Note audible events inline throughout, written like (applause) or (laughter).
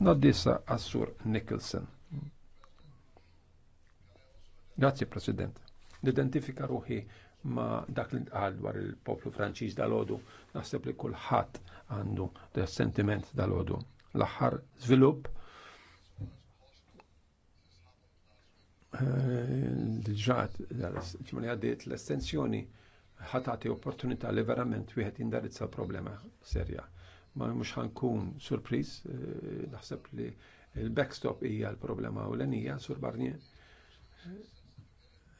Naddissa Assur Nicholson. Grazie, President. Nidentifika ruħi ma dak li għal dwar il-poplu Franċiż dal-ħodu, naħseb li kullħat għandu sentiment dal-ħodu. L-aħħar żvilupp eh, ġrat ġimani għaddit l-estensjoni ħatati opportunità li verament wieħed l problema serja ma mhux ħankun surpriż, eh, naħseb li il-backstop hija l-problema u l-enija sur Barnier.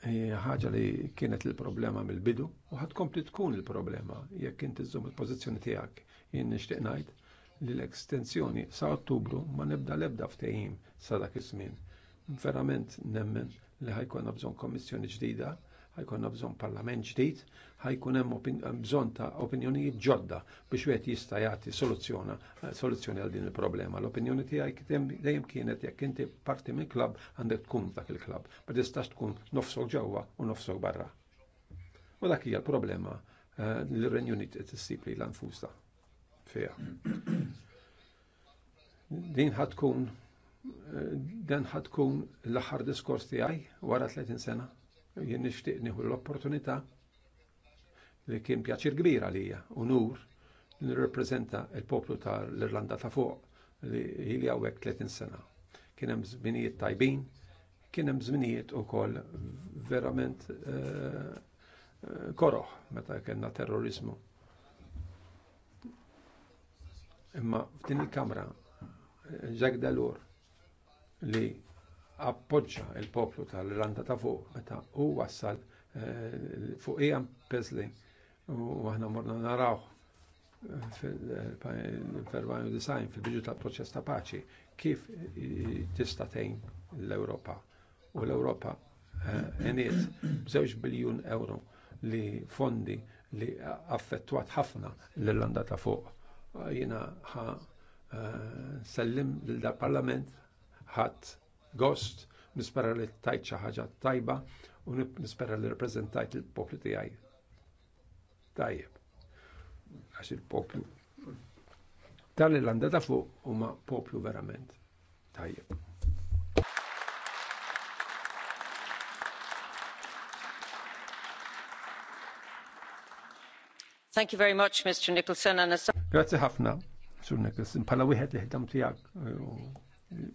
Eh, ħaġa li kienet il-problema mill-bidu u ħadkompli tkun il-problema jekk inti żżomm il-pożizzjoni tiegħek. Jien nixtieq ngħid li l-ekstenzjoni sa Ottubru ma nibda l-ebda ftehim sa dak iż-żmien. Verament nemmen li ħajkonna bżonn kommissjoni ġdida ħajkonna bżonn parlament ġdid, ħajkun hemm bżonn ta' opinjonijiet ġodda biex wieħed jista' jagħti soluzzjona eh, soluzzjoni għal din il-problema. L-opinjoni tiegħi dejjem kienet jekk inti parti minn klabb għandek tkun dak il-klabb, ma tistax tkun nofsok ġewwa u nofsok barra. U dak hija l-problema eh, l r-Renju Unit li l anfusta fija. Din ħad tkun eh, dan ħad l-aħħar diskors tiegħi wara 30 sena jien nixtieq nieħu l-opportunità li kien pjaċir kbir għalija, unur li nirrepreżenta il-poplu tal-Irlanda ta' fuq li ili għawek 30 sena. Kien hemm żminijiet tajbin, kien hemm żminijiet ukoll verament eh, eh, koroħ meta kellna terrorizmu. Imma f'din il-kamra Jacques Delors li appoġġa il-poplu tal-Irlanda ta' fuq meta u wassal eh, fuq Ian Pesley u aħna morna naraw eh, fil-94 fil-biġu tal-proċess ta' paċi kif tista' tgħin l-Ewropa u l-Ewropa eh, eniet b'żewġ biljun euro li fondi li affettwat ħafna l-Irlanda ta' fuq. Jiena ħa sellim l-parlament ħadd gost, nispera li tajt xi ħaġa tajba u nispera li rappreżentajt il-poplu tiegħi. Tajjeb. Għax il-poplu tal landa ta' fuq huma poplu verament tajjeb. Thank you very much, Mr. Nicholson. Grazie ħafna, Sur Nicholson. Pala wieħed li ħdam tijak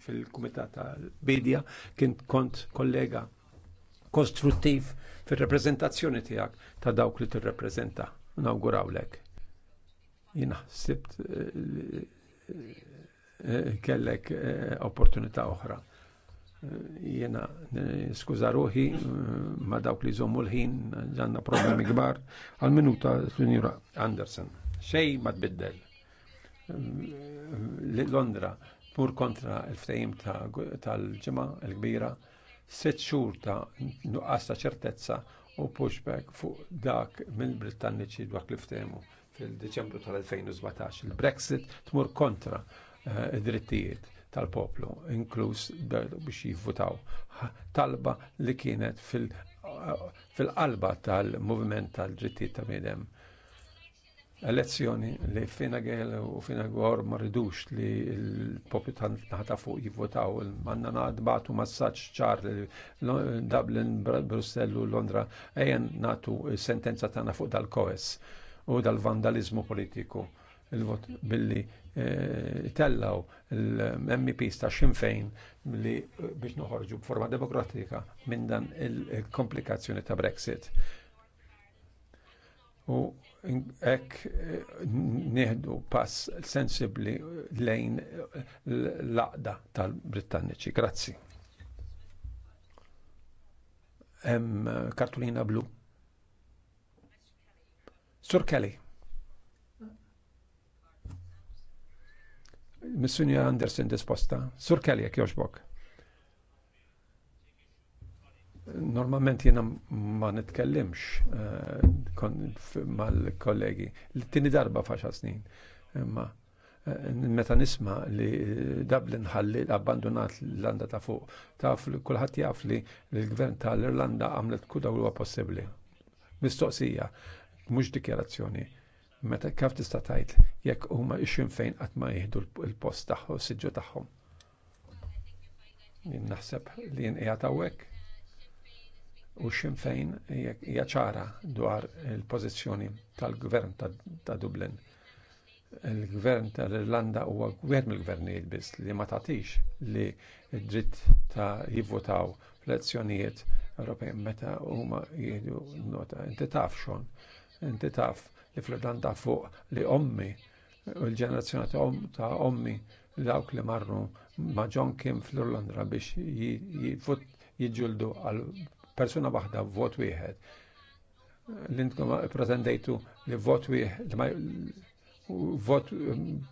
fil-Kumitat tal-Bidja kien kont kollega kostruttiv fil-reprezentazzjoni tiegħek ta' dawk li tirrepreżenta. Nawgurawlek. Jina sibt eh, eh, kellek eh, opportunità oħra. Jena skuża ruħi ma dawk li jżommu l-ħin ġanna problemi kbar għal minuta l-Unjura Andersen. Xej ma tbiddel. Londra tmur kontra l-ftehim tal-ġimgħa l-kbira, sitt xhur ta' nuqqas ta' ċertezza u pushback fuq dak mill-Britanniċi dwar li ftehmu fil-Deċembru tal-2017. Il-Brexit tmur kontra eh, id-drittijiet tal-poplu, inkluż biex jivvutaw. Talba li kienet fil- eh, qalba tal-moviment tal drittijiet ta' bnedem elezzjoni li fina għel u fina għor marridux li l-popju taħta fuq jivvotaw. Manna batu massaċ ċar Dublin, Brussellu, Londra, ejjen natu sentenza tana fuq dal-koes u dal-vandalizmu politiku. Il-vot billi eh, tellaw l-MPs ta' ximfejn li eh, biex noħorġu b'forma demokratika minn dan il-komplikazzjoni ta' Brexit. U ek nieħdu pass sensibli lejn l-laqda tal-Britanniċi. Grazzi. Em kartulina blu. Sur Kelly. Missunja Anderson disposta. Sur Kelly, jek joġbok. Normalment jena ma nitkellimx eh, mal-kollegi. L-tini darba faċa snin. Imma eh, meta nisma li Dublin ħalli abbandonat l-Irlanda ta' fuq, taf kulħadd jaf li l-gvern tal-Irlanda għamlet kuda huwa possibbli. Mistoqsija, mhux dikjarazzjoni. Meta kif tista' tgħid jekk huma ixin fejn qatt ma jieħdu l-post tagħhom, siġġu tagħhom. Naħseb li jinqiegħed hawnhekk u Sinn Fejn hija ċara dwar il-pożizzjoni tal-gvern ta' Dublin. Il-gvern tal-Irlanda huwa gvern mill-gvernijiet biss li ma tagħtix li id dritt ta' jivvotaw fl-elezzjonijiet Ewropej meta huma jieħdu nota. Inti taf xon, inti taf li fl-Irlanda fuq li ommi u l-ġenerazzjoni ta' ommi dawk li marru ma' John Kim fl-Irlanda biex jiġuldu għal persuna waħda vot wieħed. L-intkom pretendejtu li vot wieħed vot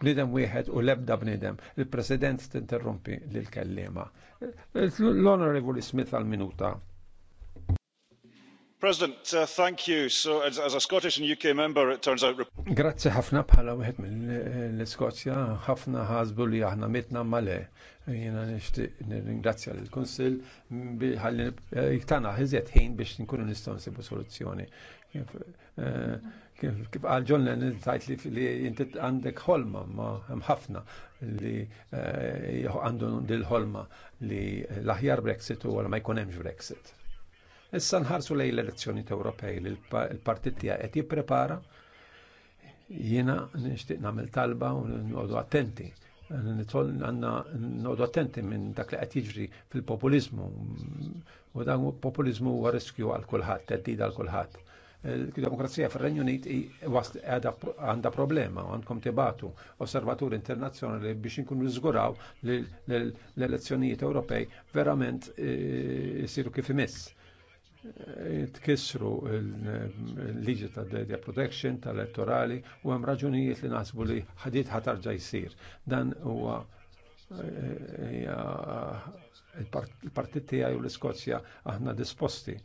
bnidem wieħed u lebda bnidem. Il-President tinterrumpi l kellima L-Honorable Smith għal-minuta. Grazzi ħafna bħala wieħed mill-Iskozja, eh, ħafna ħasbu li aħna mitna male. Jiena nixtieq nirringrazzja lill-Kunsill ħalli eh, jiktana ħiżet ħin biex nkunu nistgħu nsibu soluzzjoni. Kif eh, għal John Lennon tajt li inti għandek ħolma ma hemm ħafna li għandu dil-ħolma li l-aħjar Brexit u ma jkun hemmx Brexit. Issa nħarsu lejn l-elezzjoni Ewropej li l-partit tiegħek qed jipprepara jiena nixtieq nagħmel talba u nqogħdu attenti. Għanna nqogħdu attenti minn dak li qed jiġri fil-populizmu u dan populizmu huwa riskju għal kulħadd, teddida għal kulħadd. Il-demokrazija eh, fir-Renju Unit għandha problema u għandkom tibatu osservaturi internazzjonali biex inkunu żguraw li l-elezzjonijiet Ewropej verament eh, isiru kif imiss tkissru l-liġi ta' data protection, ta' elettorali u għem raġunijiet li nasbu li ħadiet ħatarġa jisir. Dan huwa il-partit tiegħi u l skozja aħna disposti.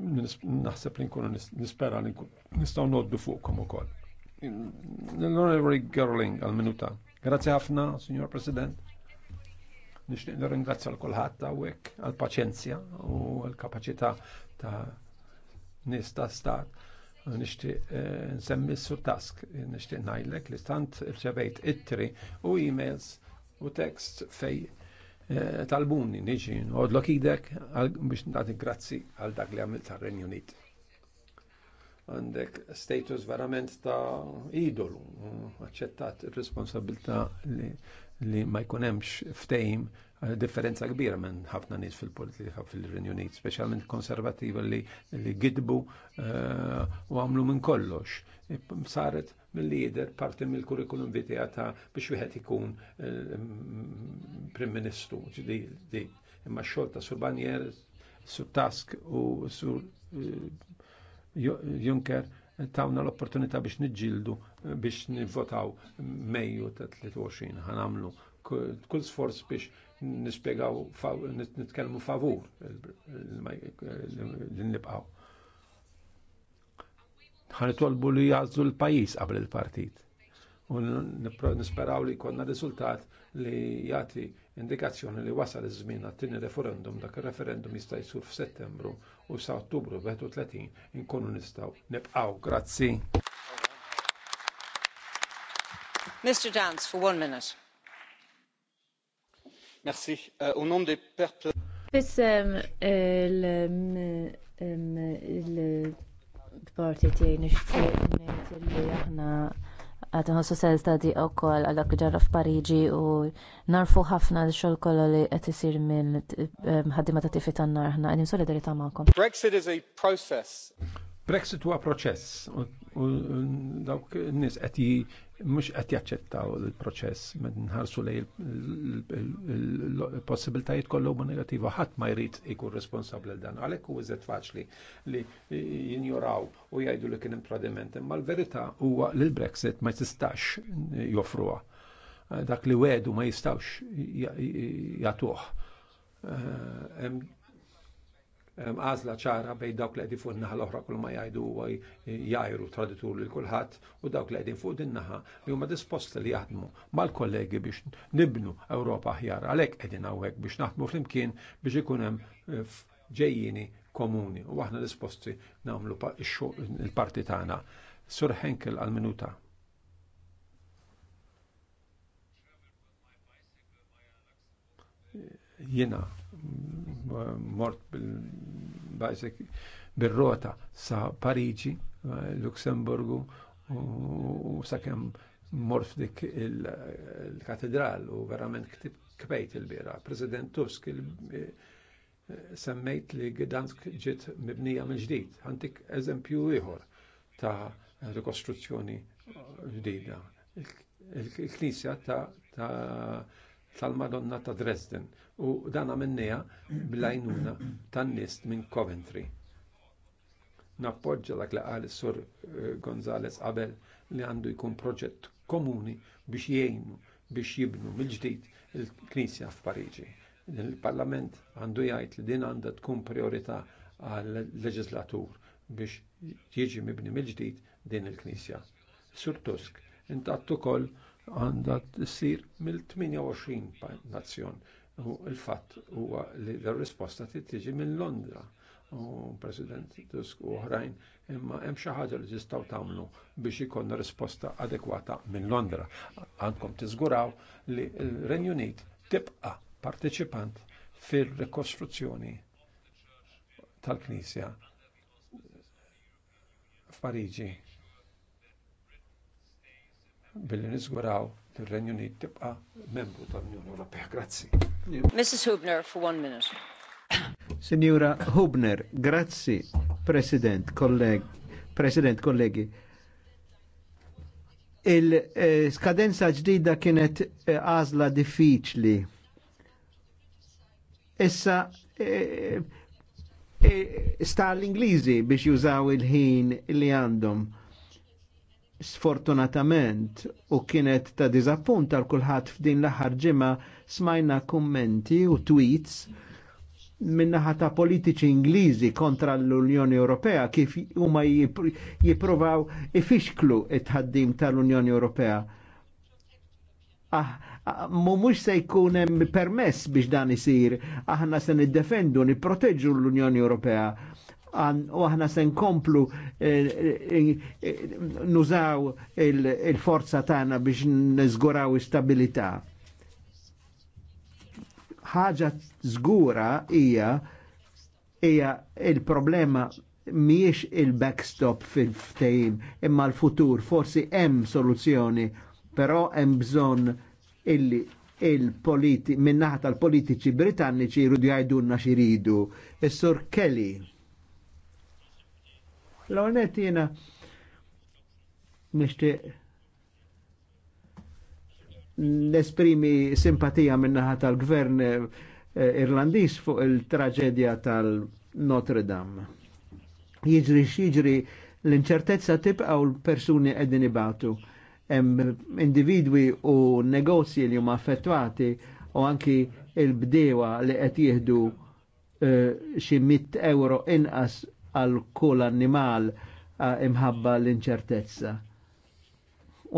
Naħseb li nkunu nispera li nistaw noddu fuqkom ukoll. L-Honorary Gerling għal-minuta. Grazie ħafna, Signor President Nixtieq nirringrazzja l kulħadd hawnhekk għall-paċenzja u l-kapaċità ta' nies ta' stat. Nixtieq eh, nsemmi sur task, nixtieq ngħidlek li stant irċevejt ittri u emails u text fej eh, talbuni niġi nħodlok idek biex nagħti grazzi għal dak li għamilt tar-Renju Unit għandek status verament ta' idolu, accettat il-responsabilta li li ma jkunemx ftehim eh, differenza kbira minn ħafna nies fil-politika fil-Renju Unit, speċjalment konservativa li, li gidbu eh, u għamlu minn kollox. E, saret mill-lider parti mill-kurrikulum vitae ta' biex wieħed ikun eh, mm, Prim Ministru ġdidi. Imma x-xogħol ta' Sur Banjer, Sur Task u Sur Juncker tawna l-opportunità biex niġġieldu biex nivvotaw Mejju ta' 23 ħanamlu kull sforz biex nispjegaw nitkellmu favur li nibqgħu. Ħanitolbu li jgħazzu l-pajjiż qabel il-partit. U nisperaw li konna riżultat li jagħti indikazzjoni li wasal iż-żmien għat-tieni referendum dak ir-referendum jista' jsur f'Settembru u sa Ottubru 31 inkunu nistgħu nibqgħu. Grazzi. Mr. Dance for one minute. Merci. Au nom des peuples. il-parti tiegħi nixtieq ngħid li aħna għat nħossu sal-istadi u koll għallak ġarra f'Pariġi u narfu ħafna l-xol kolla li qed isir minn ehm, ħaddima ta' tifi tan nar ħna għedin solidarita ma'kom. Brexit is a process. Brexit huwa proċess u dawk nis qed mux għat jaċċettaw il-proċess, nħarsu li il-possibiltajiet kollu ma negativa, ħat ma jrid ikun responsabli dan. Għalek u għizet faċli li jinjoraw u jgħidu li kien impradiment, imma l-verita huwa li l-Brexit ma jistax joffruha. Dak li wedu ma jistax jagħtuh. Eh, għażla ċara bejn dawk li għedin fuq in-naħa l-oħra kull ma jgħidu u jajru traditur lil kulħadd u dawk li qegħdin fuq din-naħa li huma disposti li jaħdmu mal-kollegi biex nibnu Ewropa aħjar għalhekk qegħdin hawnhekk biex naħdmu flimkien biex ikun hemm eh, ġejjini komuni u aħna disposti nagħmlu il-parti tagħna. Sur Henkel għal-minuta. Jena mort bil rota sa Parigi, Luxemburgu u sa kem mort dik il-katedral u verament ktib kbejt il-bira. President Tusk semmejt li Gdansk ġiet mibnija minn ġdid. Għandik eżempju ieħor ta' rikostruzzjoni ġdida. Il-Knisja ta' tal-Madonna ta' Dresden u dan għamennija bil-għajnuna tan-nist minn Coventry. Nappoġġa dak li qal sur eh, Gonzales qabel li għandu jkun proġett komuni biex jgħinu biex jibnu mill-ġdid il-Knisja f'Pariġi. Il-Parlament għandu jgħid li din għandha tkun priorità għal leġislatur biex jiġi mibni mill-ġdid din il-Knisja. Sur Tusk, intattu ukoll għandha tsir mill-28 nazzjon U il-fatt huwa li l-risposta tiġi minn Londra u President Tusk u oħrajn, imma hemm xi ħaġa li tistgħu tagħmlu biex ikonna risposta adekwata minn Londra. Għandkom tiżguraw li l-Renju Unit tibqa' parteċipant fir-rikostruzzjoni tal-Knisja f'Pariġi billi niżguraw li l-Renju Unit tibqa' membru tal-Unjoni Ewropea. Grazzi. Mrs. Hubner, for one minute. Signora Hubner, grazzi, President, colleghi. President, colleghi. Il-skadenza eh, ġdida kienet eh, azla diffiċli. Issa eh, eh, sta l-Ingliżi biex jużaw il-ħin li għandhom. Il sfortunatament u kienet ta' diżappunt għal kulħadd f'din l-aħħar ġimgħa smajna kummenti u tweets minnaħa ta' politiċi Ingliżi kontra l-Unjoni Ewropea kif huma jippruvaw ifixklu it-ħaddim tal-Unjoni Ewropea. Ah, ah, se jkun hemm permess biex dan isir, aħna se niddefendu, nipproteġu l-Unjoni Ewropea u aħna se nkomplu eh, eh, eh, nużaw il-forza tagħna biex niżguraw istabilità. Ħaġa żgura hija hija il-problema miex il-backstop fil-ftejim imma l-futur forsi hemm soluzzjoni però hemm bżonn illi il-politi minnaħta l politiċi britanniċi jridu jgħidulna xiridu. Is-sur Kelly. L-għonet jena nishtiq nesprimi simpatija minnaħa tal-gvern eh, Irlandis fuq il-traġedja tal-Notre Dame. Jiġri xiġri l-inċertezza tibqa' l-persuni għedin ibatu. individwi u negozji li huma affettwati u anki il-bdewa li qed jihdu eh, xi uh, 100 euro inqas għal kull annimal eh, imħabba l-inċertezza.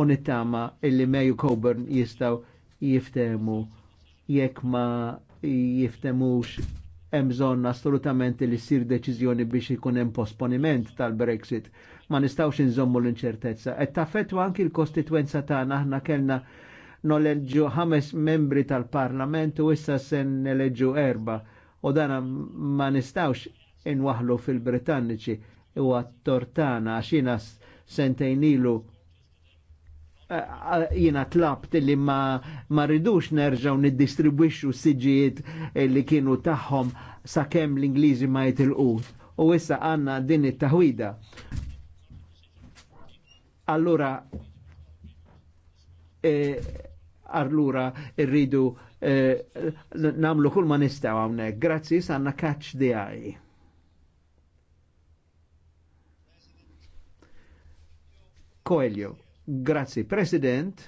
Unittama illi Mayu Coburn jistaw jiftemu jekk ma jiftemux emżon assolutament li sir deċizjoni biex ikun hemm posponiment tal-Brexit. Ma nistawx inżommu l-inċertezza. Et taffettu anki l-kostituenza tagħna aħna kellna noleġġu ħames membri tal-Parlament u issa sen neleġġu erba' u dan ma nistawx inwaħlu fil-Britanniċi u għattortana tortana għaxina sentejnilu jina tlabt li ma, ma ridux nerġaw niddistribwixxu siġijiet li kienu tagħhom sakemm l-Ingliżi ma jitilqu. U issa għanna din it-taħwida. Allura e, allura irridu e, namlu kull ma nistaw hawnhekk. Grazzi sanna kaċ di Coelho. Grazzi, President.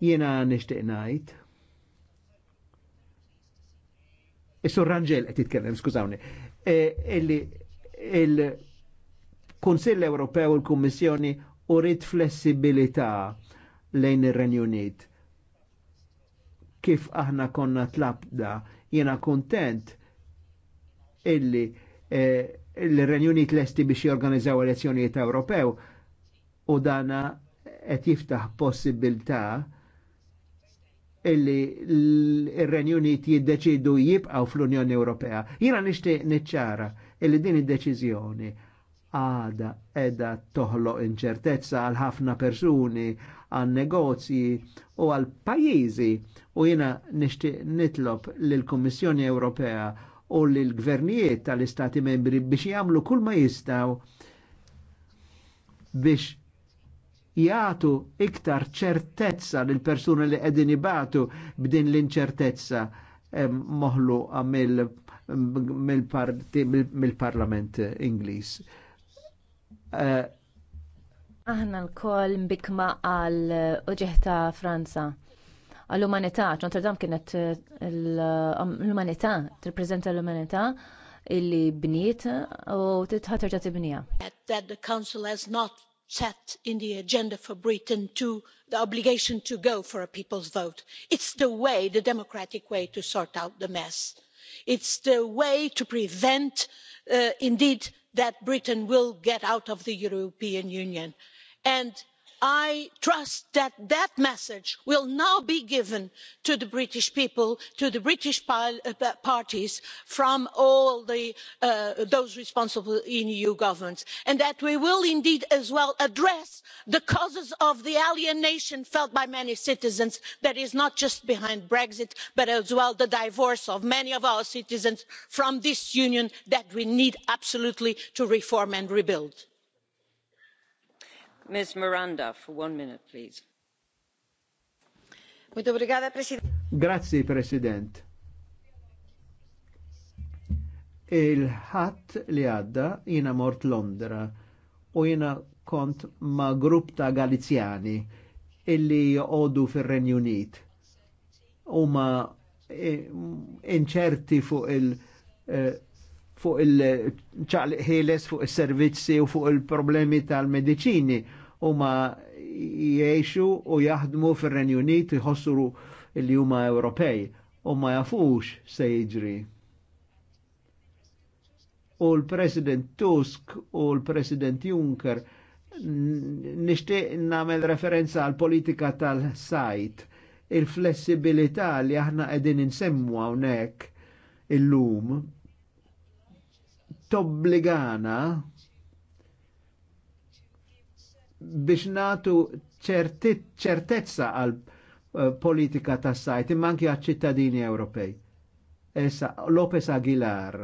Jena nishtiq najt. Is-sur Rangel qed jitkellem, skużawni. E, illi il-Kunsill Ewropew il-Kommissjoni, kummissjoni urid flessibilità lejn il renju Unit. Kif aħna konna tlabda, jena kontent illi e, l-Renju Unit lesti biex jorganizzaw elezzjonijiet Ewropew u dana qed jiftaħ possibilità illi ir renju Unit jiddeċidu jibqgħu fl-Unjoni Ewropea. Jiena nixtieq niċċara illi din id-deċiżjoni għada edha toħloq inċertezza għal ħafna persuni, għal negozji u għal pajjiżi u jiena nixtieq nitlob lill-Kummissjoni Ewropea u lill-gvernijiet tal-Istati membri biex jagħmlu kull ma jistgħu biex jgħatu iktar ċertezza lil persuna li qegħdin ibatu b'din l-inċertezza moħluqa mill-Parlament Ingliż. Eh, Aħna l-koll mbikma għal uġeħta Franza għall-umanità, Notre Dame kienet eh, um, l-umanità, t-reprezenta l-umanità illi bniet u t-bnija. That the council has not set in the agenda for britain to the obligation to go for a people's vote. it's the way the democratic way to sort out the mess. it's the way to prevent uh, indeed that britain will get out of the european union and i trust that that message will now be given to the british people to the british uh, parties from all uh, those responsible in e eu governments and that we will indeed as well address the causes of the alienation felt by many citizens that is not just behind brexit but as well the divorce of many of our citizens from this union that we need absolutely to reform and rebuild signora presidente onorevoli colleghi Il-ħadd li għadda jiena mort Londra u jiena kont ma' grupp ta' Galizjani illi joqogħdu fir-Renju Unit. Huma eh, inċerti fuq il- eh, fuq il-ċaqliq ħieles fuq il-servizzi u fuq il-problemi tal-medicini u ma jiexu u jaħdmu fil-Renju Unit jħossuru il juma Ewropej u ma jafux se jiġri. U l-President Tusk u l-President Juncker nishtiq namel referenza għal politika tal-sajt, il-flessibilità li aħna qegħdin insemmu hawnhekk illum tobbligana biex natu ċertezza għal eh, politika tas sajt manki għal ċittadini Ewropej. Esa Lopez Aguilar,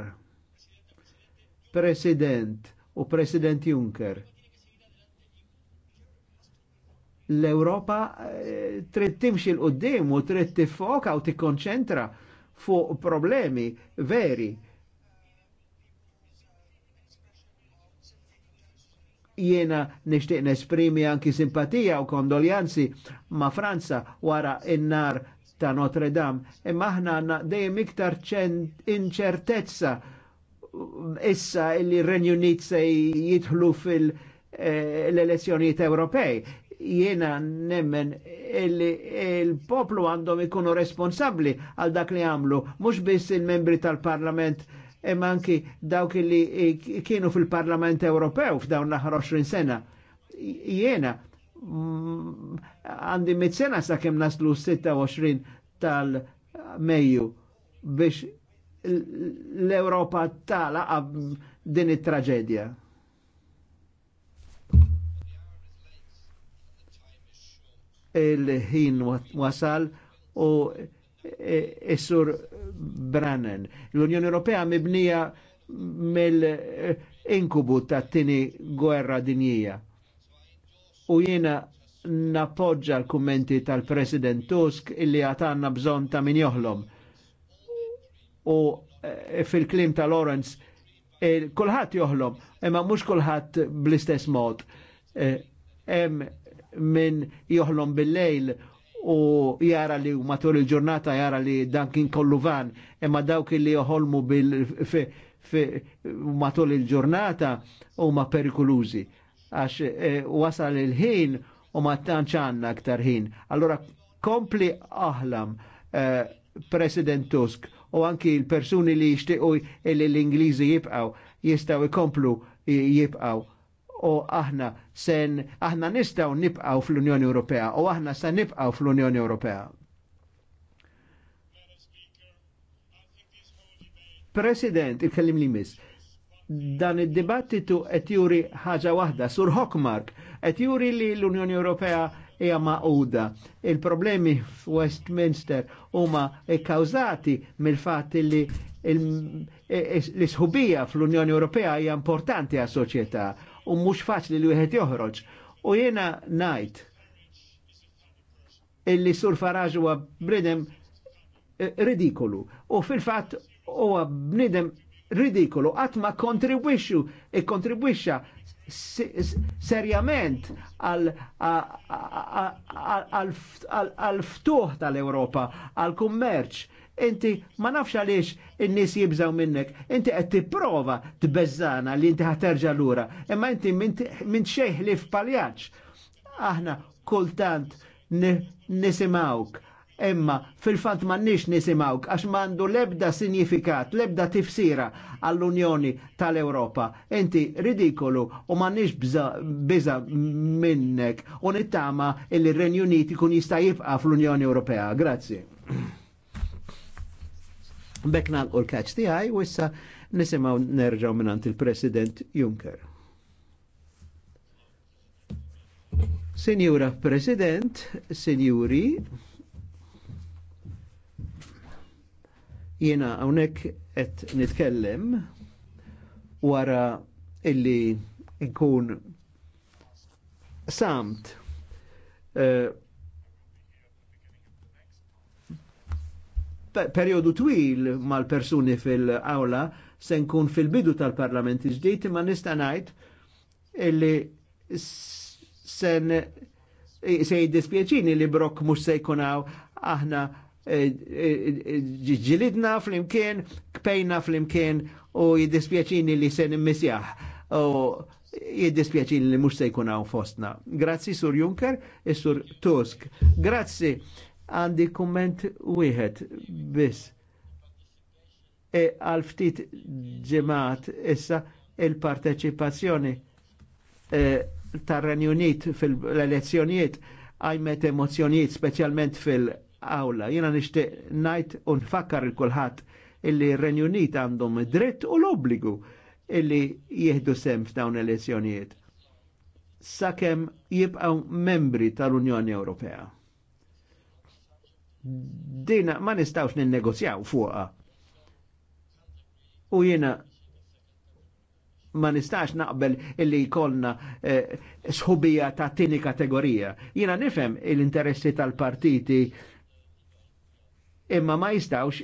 President u President Juncker. L-Europa eh, trid timxi l-qoddim u trid tifoka u tikkonċentra fuq problemi veri jiena nishtiq nesprimi anki simpatija u kondoljanzi ma' Franza wara in-nar ta' Notre Dame, imma aħna għandna dejjem iktar inċertezza issa illi Renju Unit se jidħlu fil-elezzjonijiet eh, Ewropej. Jiena nemmen illi il-poplu għandhom ikunu responsabli għal dak li għamlu, mhux biss il-membri tal-Parlament imma anki dawk li eh, kienu fil-Parlament Ewropew f'dawn l-aħħar 20 sena. Jiena mm, għandi mit sena sa' kem naslu 26 tal-Mejju biex l-Europa tala din it-traġedja. il-ħin wasal u Isur e, e Brannen. L-Unjoni Ewropea mibnija mill-inkubu e, ta' tini gwerra dinjija. U jiena nappoġġa l-kummenti tal-President Tusk illi għatanna bżon ta' min joħlom. U fil-klim ta' Lawrence, kulħadd joħlom, imma mhux kulħadd bl-istess mod. Hemm min joħlom bil-lejl u jara li matul il-ġurnata jara li dan kien kollu van, imma dawk li joħolmu bil matul il-ġurnata u ma perikolużi. Għax e, wasal il-ħin u ma tanċanna aktar ħin. Allora kompli aħlam e, President Tusk u anki il-persuni li jishtiqu li l-Ingliżi jibqaw jistaw ikomplu jibqaw u aħna sen aħna nistgħu nibqaw fl-Unjoni Ewropea u aħna se nibqaw fl-Unjoni Ewropea. President, il-kellim li mis, dan id-dibattitu et juri ħaġa wahda sur Hockmark, et juri li l-Unjoni Ewropea hija maquda. Il-problemi f'Westminster huma kkawżati mill-fatt li l isħubija fl-Unjoni Ewropea hija importanti għas-soċjetà u mhux faċli li wieħed joħroġ. U jiena ngħid illi sur Faraġ huwa bnidem ridikolu u fil-fatt huwa bnidem ridikolu qatt ma kontribwixxu ikkontribwixxa serjament għal ftuħ tal-Ewropa, għal kummerċ Inti ma nafx għaliex in-nies jibżaw minnek. Inti qed tipprova tbeżżana li inti ħaterġa' lura, imma inti minn xejħ li f'paljaġġ. Aħna kultant nisimawk. Emma, fil-fant mannix nisimawk, għax mandu lebda sinifikat, lebda tifsira għall-Unjoni tal ewropa Inti ridikolu u m'għandniex biza minnek u nittama il-Renju Uniti kun jista jibqa fl-Unjoni Ewropea. Grazie. Bekk nagħlqu l-kaċ tiegħi u issa nisimgħu nerġgħu minant il-President Juncker. Sinjura President, Sinjuri, jiena hawnhekk qed nitkellem wara illi nkun samt uh, periodu twil mal-persuni fil-awla se nkun fil-bidu tal-parlament ġdijt ma nista' ngħid illi sen se jiddispjaċini li brok mhux se jkunaw aħna e- e- e- ġilidna fl-imkien, kpejna fl-imkien u jiddispjaċini li se nimmisjaħ u jiddispjaċini li mhux se jkunaw fostna. Grazzi Sur Juncker e Sur Tusk. Grazzi Għandi kumment wieħed biss. E għal ftit ġemat issa il-parteċipazzjoni e, tar-Renju Unit fil-elezzjonijiet għajmet emozjonijiet speċjalment fil-awla. Jena nishtiq najt unfakkar il-kulħat illi Renju Unit għandhom dritt u l-obbligu illi jihdu sem f'dawn elezzjonijiet sakemm jibqgħu membri tal-Unjoni Ewropea. Dina ma nistawx ninnegozjaw fuqa. U jiena ma nistax naqbel illi jkollna eh, sħubija ta' tini kategorija. Jiena nifhem l-interessi tal-partiti imma ma jistawx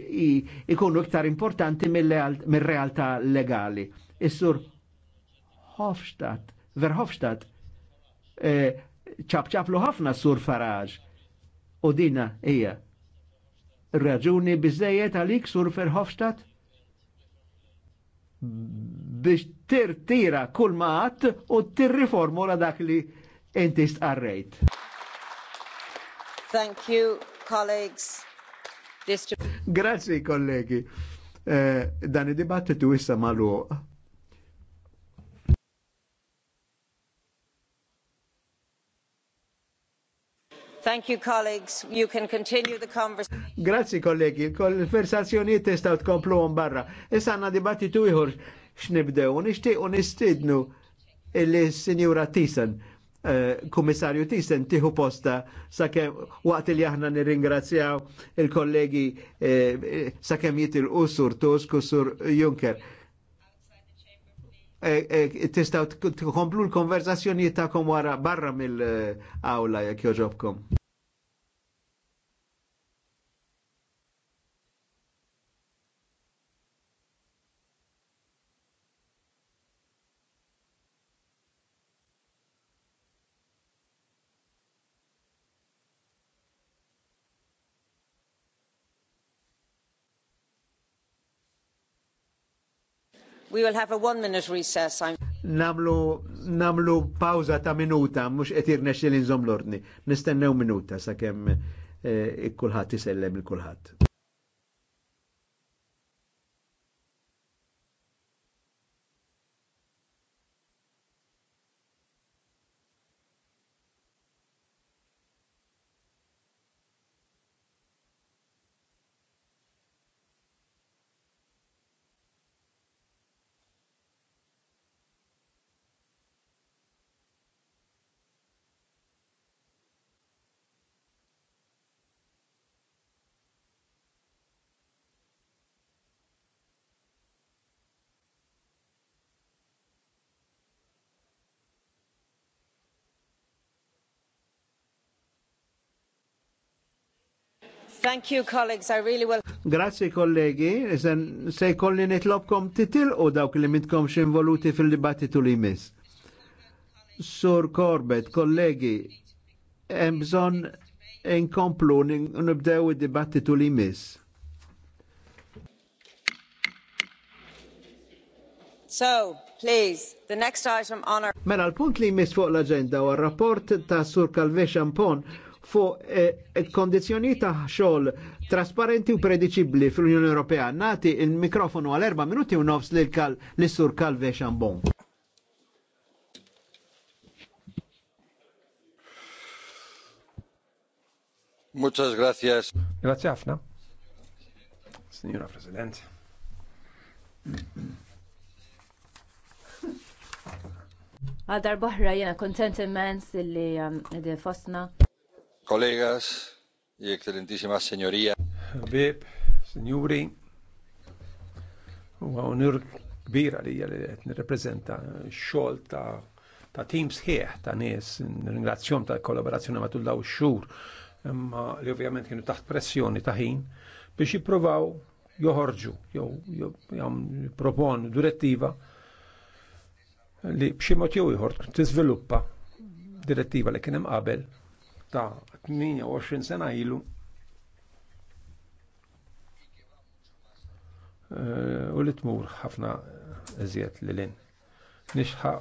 ikunu iktar importanti mill-realtà legali. Is-sur Hofstadt, Verhofstadt, eh, ċabċablu eh, ħafna sur Faraġ. U dina hija raġuni bizzejiet għalik sur Ferhofstadt biex tirtira kull maħat u la dak li inti stqarrejt. Thank you, colleagues. Grazie, kollegi. Eh, dan id-dibattitu issa maluq. Thank you, colleagues. You can continue the conversation. Grazzi, kollegi. Konversazzjoni testa tkomplu għon barra. Issa għanna dibattitu iħor x'nibdew. Unishti unistidnu nistidnu il senjura Tisen, eh, Kummissarju Tisen, tiħu posta sakemm waqt li aħna nirringrazzjaw il-kollegi eh, eh, sakemm jitil u sur Tusk u sur Juncker tistaw t-komplu l-konverzazzjoni ta'kom wara barra mill-awla jek joġobkom. We will have a one minute recess. I'm... Namlu, namlu pauza ta' minuta, mux etir nexil inżom l-ordni. Nistennew minuta sa' kem eh, isellem il-kulħat. Thank you, colleagues. I really will. Grazie, kollegi. Isen se jkolli nitlobkom titilqu dawk li mitkomx involuti fil-dibattitu li jmiss. Sur Corbett, kollegi, hemm bżonn inkomplu nibdew id-dibattitu li jmiss. So, please, the next item on our... Mela, l-punt li jmiss fuq l-agenda u rapport ta' Sur Calvé Champon fuq eh, kondizjoni ta' xol trasparenti u prediċibli fl-Unjoni Ewropea. Nati il-mikrofonu għal erba' minuti u nofs l-Sur Kalve Xambon. Muchas gracias. Grazie Afna. Signora Presidente. Għadar boħra jena kontent immens li um, fosna Kollegas, ekcelentissima signorija. Bib, signori, u għonur kbira li għet nirreprezenta xol ta' ta' tim sħiħ ta' nies, ringrazzjom ta' kollaborazzjoni ma' tullaw xur, ma' li ovvijament kienu taħt pressjoni ta' ħin biex jiprovaw joħorġu, jom propon direttiva li b'xi mod jew t tiżviluppa direttiva li kienem qabel ta' 28 sena ilu eh, u li tmur ħafna eżiet li lin. Nixħa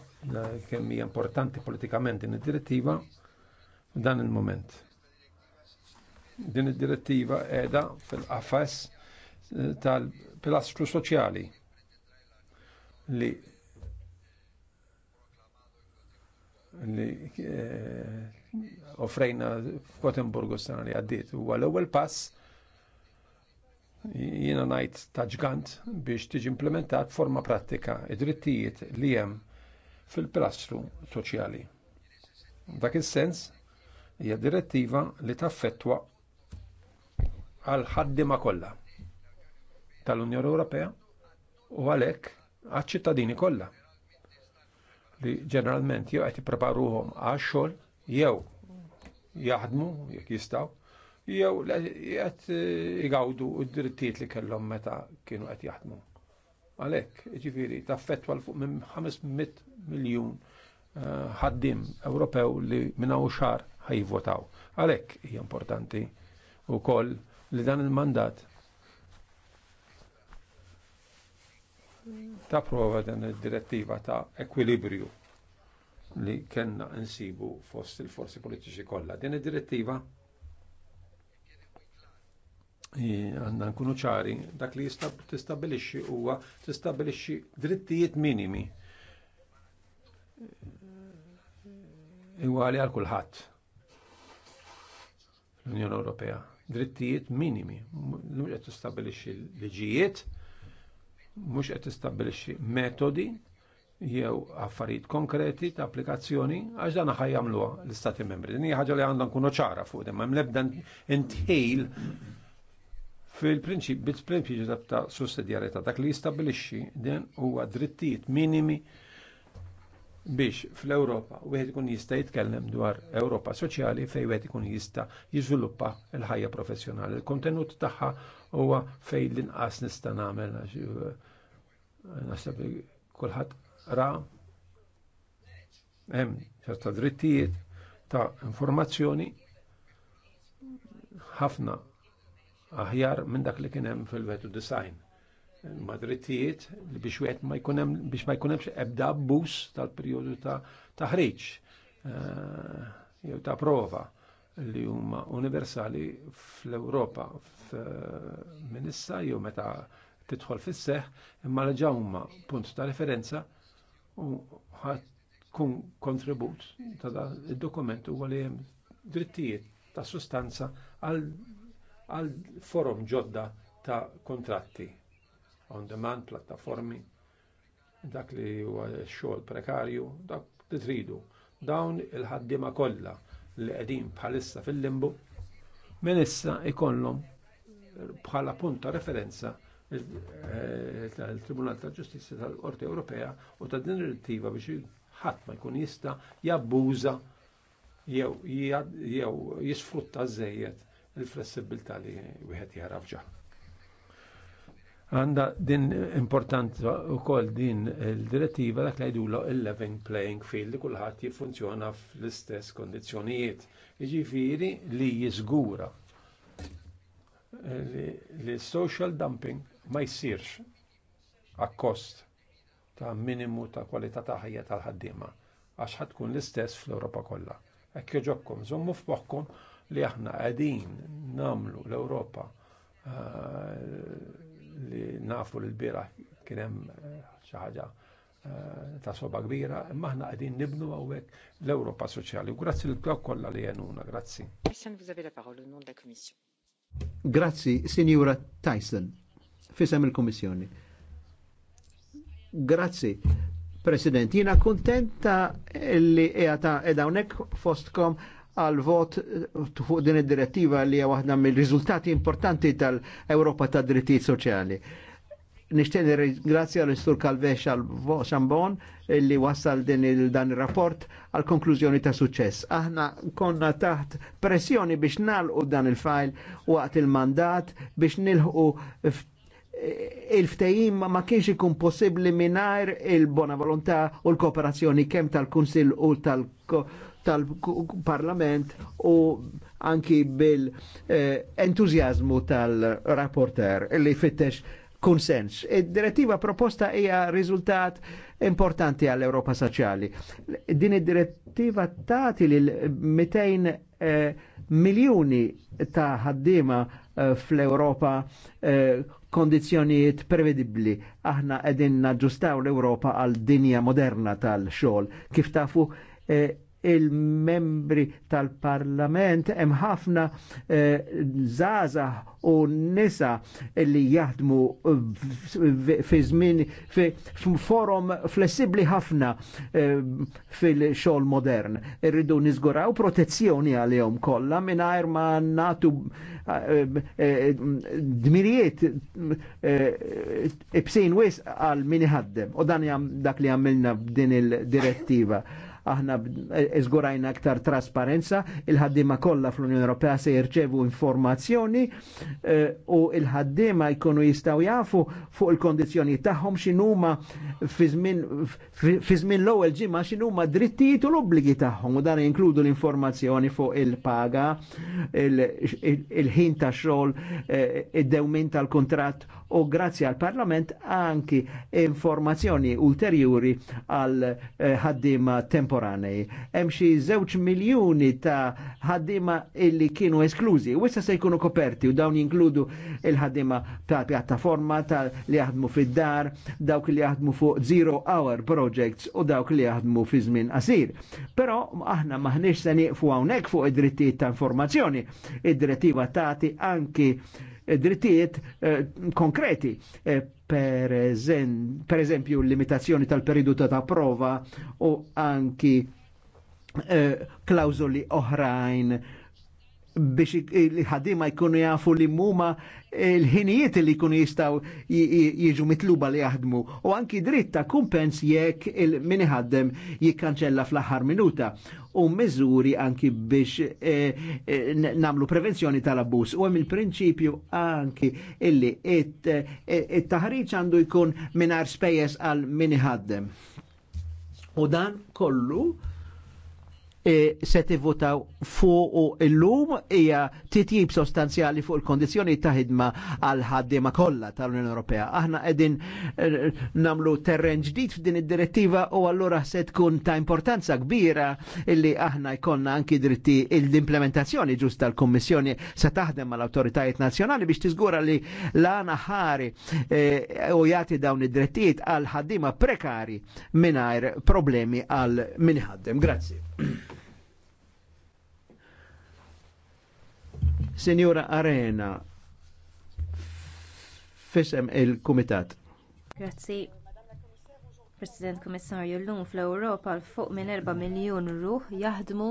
kemm hija importanti politikament din id-direttiva f'dan il-moment. Din id-direttiva qiegħda fil-qafas eh, tal-pilastru soċjali li li eh, offrejna f'Gothenburgu s-sena li għaddiet huwa l-ewwel pass jiena ngħid ta' ġgant biex tiġi implementat forma prattika id-drittijiet li hemm fil-pilastru soċjali. Dak is-sens hija direttiva li taffettwa għal ħaddiema kollha tal-Unjoni Ewropea u għalhekk għaċ-ċittadini kollha li ġeneralment jew qed jippreparuhom għax-xogħol jew jaħdmu jekk jistgħu jew qed eh, igawdu d-drittijiet li kellhom meta kienu qed jaħdmu. Għalhekk, jiġifieri taffettwa l fuq minn 500 miljun eh, ħaddim Ewropew li minn hawn xar ħajvotaw. Għalhekk hija importanti wkoll li dan il-mandat ta' prova dan id-direttiva ta' ekwilibrju li kellna nsibu fost il-forsi politiċi kollha. Din id-direttiva għandna nkunu ċari dak li tistabilixxi huwa tistabilixxi drittijiet minimi Iwali għal kulħadd l-Unjoni Ewropea. Drittijiet minimi, mhux qed tistabilixxi liġijiet mhux qed tistabbilixxi metodi jew affarijiet konkreti ta' applikazzjoni għax dan ħaj jagħmluha l-Istati Membri. Din hija ħaġa li għandha nkunu ċara fuq dem hemm l-ebda intħil fil-prinċipju ta' sussidjarjetà dak li jistabbilixxi din huwa drittijiet minimi biex fl-Ewropa wieħed ikun jista' jitkellem dwar Ewropa soċjali fejn wieħed ikun jista' jiżviluppa l-ħajja professjonali. Il-kontenut tagħha huwa fejn l-inqas nista' nagħmel Naħseb li kulħadd ra hemm ċerta drittijiet ta' informazzjoni ħafna aħjar minn dak li kien hemm fil-vetu design. Ma' drittijiet li biex wieħed ma jkun hemm biex ma jkunemx ebda abbuż tal-perjodu ta' taħriġ eh, jew ta' prova li huma universali fl-Ewropa f'minissa jew meta tidħol fis seħħ imma li huma punt ta' referenza u kun kontribut ta' da il-dokument huwa li hemm drittijiet ta' sustanza għal forum ġodda ta' kontratti on demand, plattaformi, dak li huwa xogħol prekarju, dak li tridu. Dawn il-ħaddiema kollha li qegħdin bħalissa fil-limbu, minn issa ikollhom bħala punt ta' referenza tal-Tribunal ta' Ġustizja tal-Qorti Ewropea u ta' din direttiva biex ħadd ma jkun jista' jabbuża jew jew jisfrutta żejjed il-flessibilità li wieħed jara f'ġa. Għanda din importanza u koll din il-direttiva dak li il-living playing field li kulħadd jiffunzjona fl-istess kondizzjonijiet. Jiġifieri li jiżgura li social dumping ma jsirx akkost ta' minimu ta' kwalità ta' ħajja tal-ħaddiema għax tkun l-istess fl-Ewropa kollha. Hekk joġobkom, żommu f'moħħkom li aħna qegħdin nagħmlu l-Ewropa eh, li nafu l bieraħ kien hemm eh, xi ħaġa eh, ta' soba kbira, imma aħna qegħdin nibnu hawnhekk l-Ewropa Soċjali. Grazzi l dawk kollha li jenuna, grazzi. Grazzi, Sinjura Tyson fisem il-Komissjoni. Grazzi, President. Jina kontenta li jgħata edha hawnhekk fostkom għal vot eh, fuq din id-direttiva li hija waħda mill-riżultati importanti tal-Ewropa tad drittijiet soċjali. Nixtieni ringrazzja l-Istur Kalvesh għal Xambon li wassal din il-dan il-rapport għal konklużjoni ta' suċess. Aħna konna taħt pressjoni biex nalqu dan il-fajl waqt il-mandat biex nilħu il-ftejim ma kienx ikun possibbli mingħajr il-bona volontà u l-kooperazzjoni kemm tal-Kunsill u tal-Parlament u anki bil-entużjażmu eh, tal-rapporter li fittex konsens. Id-direttiva proposta hija riżultat importanti għall-Europa Soċjali. Din id-direttiva tagħti lil 200 eh, miljuni ta' ħaddiema Eh, fl-Europa eh, kondizjonijiet prevedibbli. Aħna qegħdin naġġustaw l-Europa għal dinja moderna tal-xogħol. Kif tafu eh, il-membri tal-parlament hemm ħafna eh, zaza u nisa li jaħdmu fi żmien fi forum flessibbli ħafna eh, fil-xogħol modern. Irridu niżguraw protezzjoni għalihom kollha mingħajr ma natu eh, eh, dmirijiet ibsin wis għal min ħaddem. U dan dak li għamilna din il-direttiva aħna izgurajna aktar trasparenza, il-ħaddima kollha fl-Unjoni Ewropea se jirċevu informazzjoni eh, u il-ħaddima jkunu jistgħu jafu fuq il-kondizzjoni tagħhom x'inhuma fi żmien l-ewwel ġimgħa x'inhuma drittijiet u l-obbligi tagħhom u dan jinkludu l-informazzjoni fuq il-paga, il-ħin ta' xogħol, eh, id-dewmin tal-kontratt u grazzi għal Parlament anki informazzjoni ulterjuri għal eh, ħaddima temporanej. Hemm xi żewġ miljuni ta' ħaddima illi kienu esklużi u issa se jkunu koperti u dawn jinkludu il-ħaddima ta' pjattaforma ta' li jaħdmu fid-dar, dawk li jaħdmu fuq zero hour projects u dawk li jaħdmu fi żmien qasir. Però aħna maħniex se nieqfu hawnhekk fuq id-drittijiet ta' informazzjoni. Id-direttiva tagħti anki drittijiet eh, konkreti. Eh, per eżempju, limitazzjoni tal-periodu ta' prova u anki eh, klawzoli oħrajn biex il-ħadima jkunu jafu li muma il-ħinijiet li jkunu jistaw jiġu mitluba li jaħdmu u anki dritt ta' kumpens jekk il-miniħaddem jikkanċella fl-aħħar minuta u miżuri anki biex eh, eh namlu prevenzjoni tal-abbus u għem il-prinċipju anki illi eh, eh, it-taħriġ għandu jkun minar spejjeż għal miniħaddem. U dan kollu E, se tivvotaw fuq illum hija titjib sostanzjali fuq il-kondizzjoni ta' ħidma għal ħaddiema kollha tal-Unjoni Ewropea. Aħna qegħdin e, namlu terren ġdid f'din id-direttiva u allura se tkun ta' importanza kbira illi aħna jkollna anki dritti l-implementazzjoni ġusta tal-Kummissjoni se taħdem mal-awtoritajiet nazzjonali biex tiżgura li l-għana ħari e, u jagħti dawn id-drittijiet għal ħaddiema prekari mingħajr problemi għal minħaddem. Grazie. (clears throat) Signora Arena, fisem il-Kumitat. Grazzi. President Kommissarju l-lum fl-Europa l-fuq minn 4 miljon ruħ jaħdmu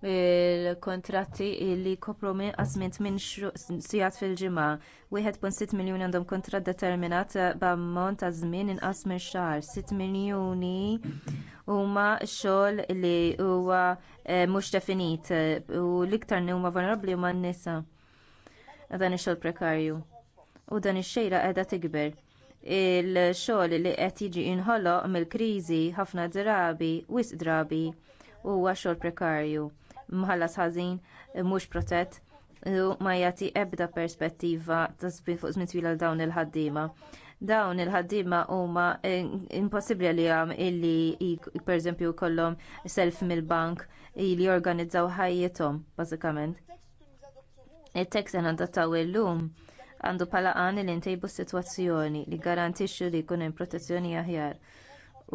il-kontratti li kopru għazmint minn sigħat fil-ġimgħa. 1.6 miljuni għandhom kontratt determinat b'ammont ta' żmien inqas minn xahar. 6 miljuni huma xogħol li huwa eh, mhux definit u l-iktar huma vulnerabbli huma n-nisa. Dan ix-xogħol prekarju. U dan ix-xejra qiegħda tikber il-xogħol li qed jiġi inħoloq mill-kriżi ħafna drabi wisq drabi huwa xogħol prekarju mħallas ħażin eh, mhux protett eh, u ma jagħti ebda perspettiva ta' fuq żmien twil għal dawn il-ħaddiema. Dawn il-ħaddiema huma eh, impossibbli li għalihom illi pereżempju jkollhom self mill-bank li jorganizzaw ħajjithom bażikament. Il-tekst għan adattaw illum għandu bħala għan li ntejbu s-sitwazzjoni li garantixxu li jkun hemm protezzjoni aħjar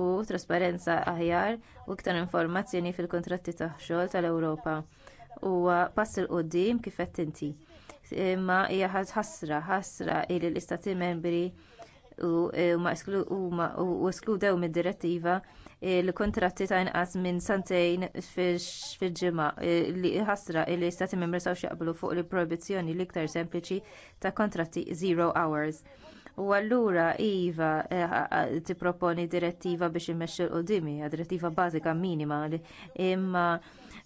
u trasparenza aħjar u iktar informazzjoni fil-kuntratti tax-xogħol tal-Ewropa. Huwa pass il quddiem kif qed inti. Imma hija ħasra ħasra li l-istati membri u eh, eskludew mid-direttiva l kuntratti ta' inqas minn santejn fil-ġimgħa eh, li ħasra li istati membri saw xaqblu fuq il-proibizzjoni l-iktar sempliċi ta' kontratti zero hours. U allura Iva eh, tipproponi direttiva biex immexxi l-qudimi, direttiva bażika minima imma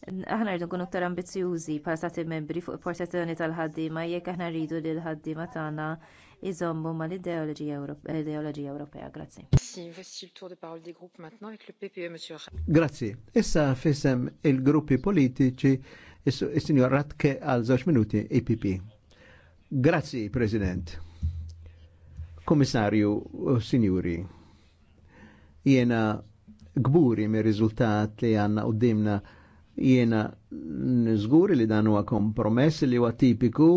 aħna rridu nkunu aktar ambizzjużi bħal stati membri fuq il-protezzjoni tal-ħaddiema jekk aħna rridu li l-ħaddiema tagħna iżommu mal-ideoloġija Ewropea. Grazzi. E, Grazzi. Issa fissem il-gruppi politiċi is-sinjor Ratke għal żewġ minuti IPP. E Grazzi, President. Komissarju, Sinjuri, jena gburi mir rizultat li għanna u dimna jena nżguri li dan huwa kompromess li huwa tipiku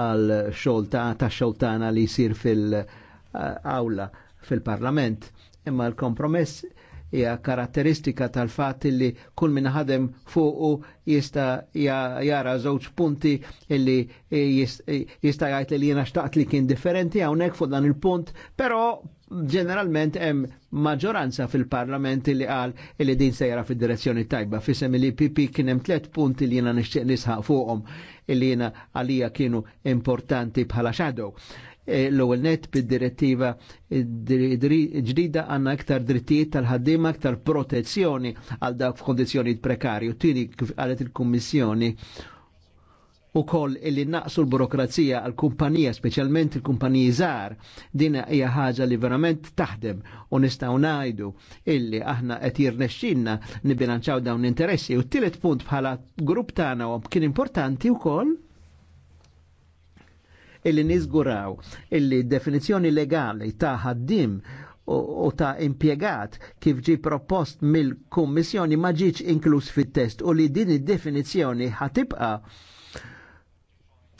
għal xolta ta' xoltana li jisir fil-awla eh, fil-parlament. Imma l-kompromess hija karatteristika tal-fatt illi kull min ħadem fuqu jista jara żewġ punti illi jista jgħid li jiena xtaqt li kien differenti hawnhekk fuq dan il-punt, però ġeneralment hemm maġġoranza fil-parlament li qal li din sejra fid-direzzjoni tajba. Fisem li PP kien hemm tliet punti li jiena nixtieq nisħaq fuqhom illi jiena għalija kienu importanti bħala xadow. Eh, l-ewwel net bid-direttiva ġdida għandna iktar drittijiet tal ħaddim iktar protezzjoni għal dak f'kondizzjonijiet prekarju. Tieni għalet il-Kummissjoni u koll illi naqsu l-burokrazija għal kumpanija, specialment il-kumpaniji żgħar, din hija ħaġa li verament taħdem u nistaw ngħidu illi aħna qed jirnexxinna nibbilanċaw dawn interessi. U t-tielet punt bħala grupp tagħna kien importanti wkoll illi nizguraw illi definizjoni legali ta' ħaddim u ta' impiegat kif ġi propost mill-Kummissjoni ma ġiċ inkluż fit-test u li din id-definizzjoni ħatibqa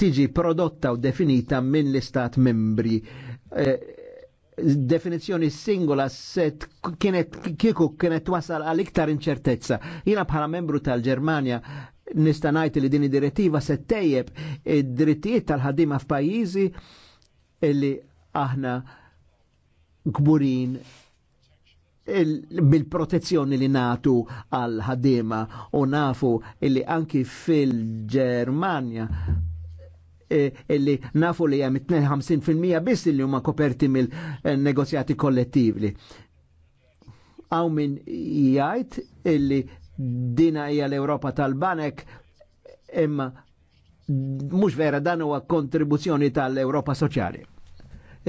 tiġi prodotta u definita minn l-istat membri. Eh, definizjoni singola set kienet kiku kienet wasal għal iktar inċertezza. Jina bħala membru tal-Germania nista' ngħid li din id-direttiva se tejjeb id-drittijiet tal ħadima f'pajjiżi illi aħna kburin bil-protezzjoni li natu għal ħadima u nafu illi anki fil-Germania e, illi nafu li jgħam 52% biss li huma koperti mill-negozjati kollettivi. Għaw minn jgħajt illi dina hija l-Ewropa tal-banek imma mhux vera dan huwa kontribuzzjoni tal-Ewropa Soċjali.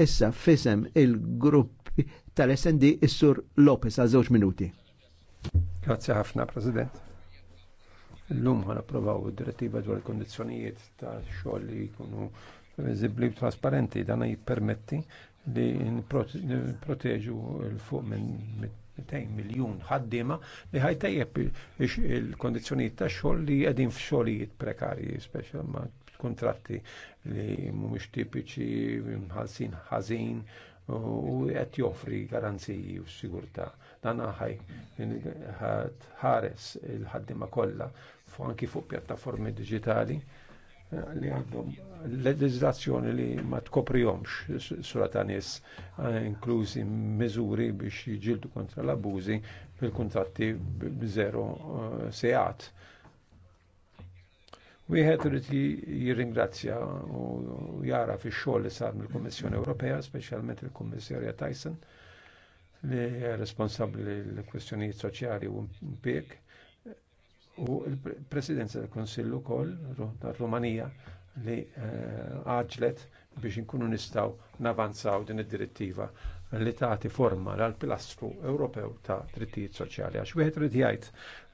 Issa fisem il-grupp tal-SND is-Sur Lopez għal żewġ minuti. Grazzi ħafna, President. L-lum ħana provaw direttiva dwar il-kondizjonijiet ta' xogħol li jkunu viżibbli trasparenti, dan jippermetti li proteġu l-fuq minn 200 miljun ħaddima li ħajtejjeb il-kondizzjonijiet ta' xogħol li qegħdin f'xogħlijiet prekarji, speċjalment kontratti li mhumiex tipiċi, mħalsin ħażin u qed joffri garanziji u sigurtà. Dan ħaj ħares il-ħaddiema kollha anki fuq pjattaformi diġitali li għandhom legislazzjoni li ma tkoprihomx sura ta' nies eh, inklużi miżuri biex jiġildu kontra l-abużi fil-kuntratti b'zero eh, seat. Wieħed irid jirringrazzja u jara fix-xogħol li sar mill-Kummissjoni Ewropea, speċjalment il-Kummissarja Tyson, li responsabbli l-kwestjonijiet soċjali u mpiek u l-Presidenza tal-Konsillu kol tar-Rumanija li eh, għagġlet biex inkunu nistaw navanzaw din id-direttiva li tagħti forma l pilastru Ewropew ta' drittijiet soċjali. Għax wieħed rid jgħid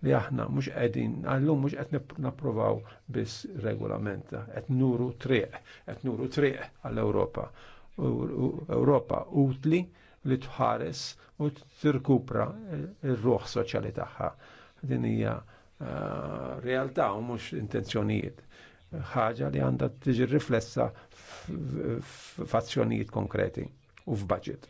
li aħna mhux qegħdin għallum mhux qed napprovaw biss regolament qed nuru triq, qed nuru triq għall-Ewropa. Ewropa utli li tħares u tirkupra eh, r-ruħ soċjali tagħha. Din hija realtà u mhux intenzjonijiet. Ħaġa li għandha tiġi riflessa f'azzjonijiet konkreti u f'budget.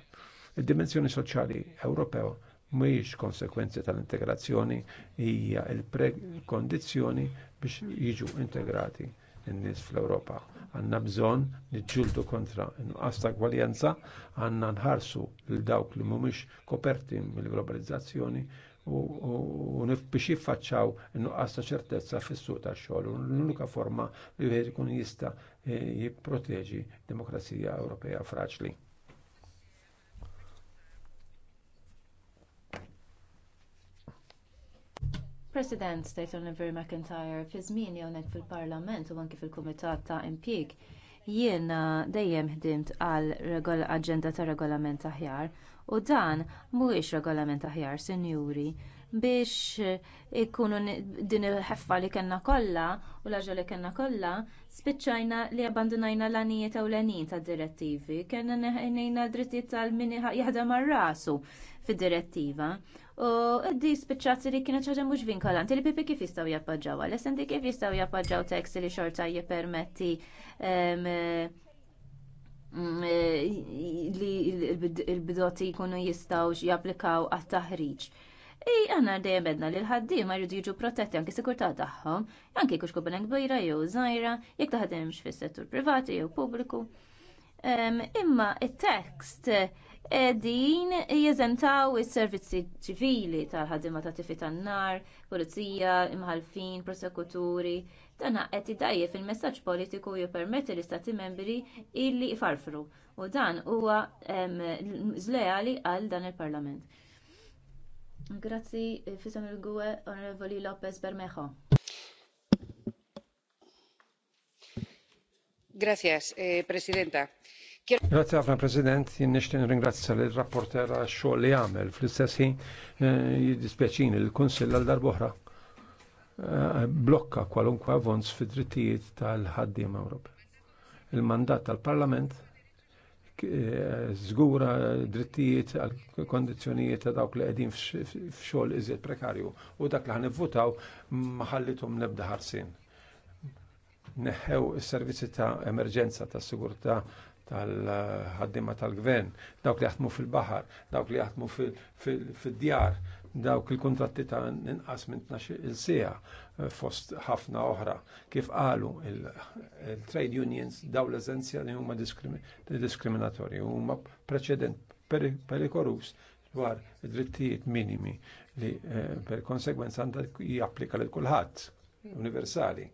Id-dimensjoni soċjali Ewropew mhijiex konsekwenzi tal-integrazzjoni hija il-prekondizzjoni biex jiġu integrati n-nies fl-Ewropa. Għandna bżonn niġġuldu kontra nuqqas ta' gwaljanza, għandna nħarsu l dawk li mhumiex koperti mill-globalizzazzjoni u biex jiffaċċaw nuqqas ta' ċertezza fis-suq tax-xogħol u l-unika forma li wieħed ikun jista' e, jipproteġi demokrazija Ewropea fraċli. President State on Oliver McIntyre fi żmien nek fil-Parlament u anke fil-Kumitat ta' Impjieg jiena dejjem ħdimt għal aġenda ta' regolament aħjar u dan mhuwiex regolament aħjar sinjuri biex ikunu din il-ħeffa li kellna kollha u l-aġa li kellna kollha spiċċajna li abbandonajna l-għanijiet ewlenin tad-direttivi kellna neħnejna d-drittijiet tal-min jaħdem ar-rasu fid-direttiva. U di spiċċati li kienet ċaġa mhux vinkolanti li pipi kif jistgħu jappoġġaw għal kif jistgħu jappoġġaw tekst li xorta jippermetti Mm, eh, li l-bidoti jkunu jistawx japplikaw għat-taħriġ. I għanna dejjem bedna li l ħaddim għarju jiġu protetti anki sikurta tagħhom, għanki kux kubina kbira jew zaħira, jekk taħdemx fis-settur privati jew pubbliku. Imma il tekst din jeżentaw is-servizzi ċivili tal-ħaddiema ta' tifi tan-nar, pulizija, imħalfin, prosekuturi, Dan qed idajjef fil messaġġ politiku jippermetti l-istati membri illi jfarfru u dan huwa żleali għal dan il-Parlament. Grazzi fisem il-gwe Onorevoli Lopez Bermejo. Grazzias, eh, Presidenta. Grazie għafna President, jinnishtin ringrazzja l-rapportera xoll li għamel fl-istessi eh, jiddispeċin il konsil għal darbohra Eh, blokka kwalunkwe avons fid-drittijiet tal-ħaddiem Ewropew. Il-mandat tal-Parlament żgura eh, drittijiet għal kondizzjonijiet ta' dawk li qegħdin f'xogħol iżjed prekarju u dak li ħanivvutaw ma ħallithom nebda ħarsien. Neħew is-servizzi ta' emerġenza ta' sigurtà tal-ħaddima tal-gvern, dawk li jaħdmu fil-baħar, dawk li jaħdmu fil-djar, dawk il-kontratti ta' inqas minn 12 il-sija eh, fost ħafna oħra. Kif qalu il-trade eh, unions daw l li huma diskriminatorji, huma preċedent perikorus dwar id drittijiet minimi li eh, per konsegwenza għandha japplika lil kulħadd universali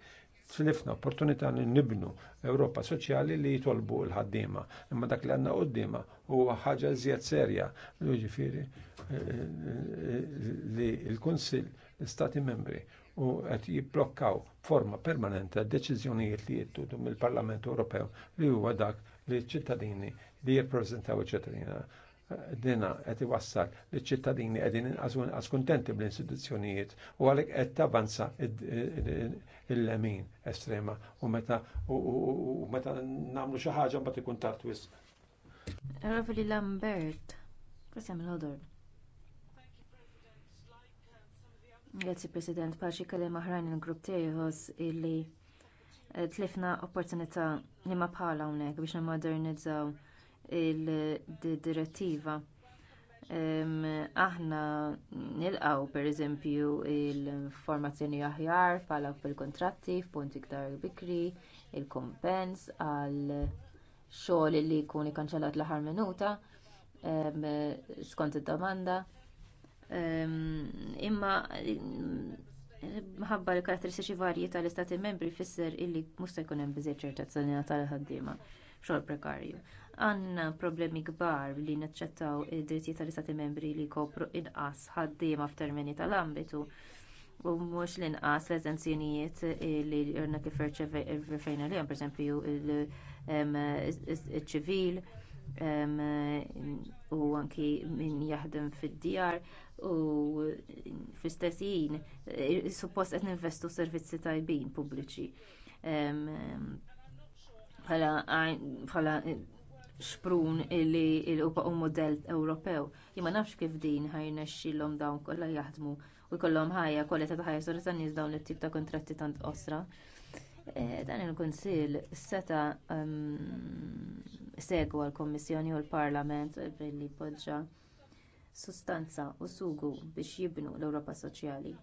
tlifna opportunità li nibnu Ewropa soċjali li jitolbu l-ħaddiema. Imma dak li għandna qoddima huwa ħaġa żjed serja. Ġifiri, eh, eh, li l-Kunsill, l-Stati membri u qed jiblokkaw forma permanenta deċiżjonijiet li jittudu mill-Parlament Ewropew li huwa dak li ċittadini li jirprezentaw iċ-ċittadina dina qed iwassal li ċittadini qegħdin għaz kontenti bl-istituzzjonijiet u għalhekk qed tavanza il-lemin estrema u meta u meta namlu xaħġa ħaġa mbagħad ikun tard wisq. Lambert, qasem l-ħodur. Grazzi President, paċi kellem oħrajn il-grupp tiegħi illi tlifna opportunita li ma bħala hawnhekk biex nimmodernizzaw il-direttiva. Aħna nilqaw pereżempju l informazzjoni aħjar bħala fil-kontratti f'punt iktar bikri, il-kompens għal xogħol li jkun ikkanċellat l-aħħar minuta skont id-domanda. Imma Mħabba li karatteristiċi varji tal-istati membri jfisser illi mhux se jkun hemm biżejjed ċertezza tal ħaddiema xogħol prekarju għandna problemi kbar li naċċettaw id-drittijiet tal-istati membri li jkopru inqas ħaddiema f'termini tal-ambitu u mhux l-inqas l-eżenzjonijiet li rna kif rifejna li għan perżempju il-ċivil u anki min jaħdem fid-djar u fl-istess jien eh, suppost qed ninvestu servizzi tajbin pubbliċi bħala xprun li huwa u modell Ewropew. ma nafx kif din ħajna dawn kollha jaħdmu u jkollhom ħajja kollha ta' ħajja sorra tan nies dawn it-tip ta' kuntratti tant qosra. Eh, dan il-Kunsill seta ehm, segwa l-Kommissjoni u l-Parlament billi poġġa sustanza u sugu biex jibnu l-Ewropa Soċjali.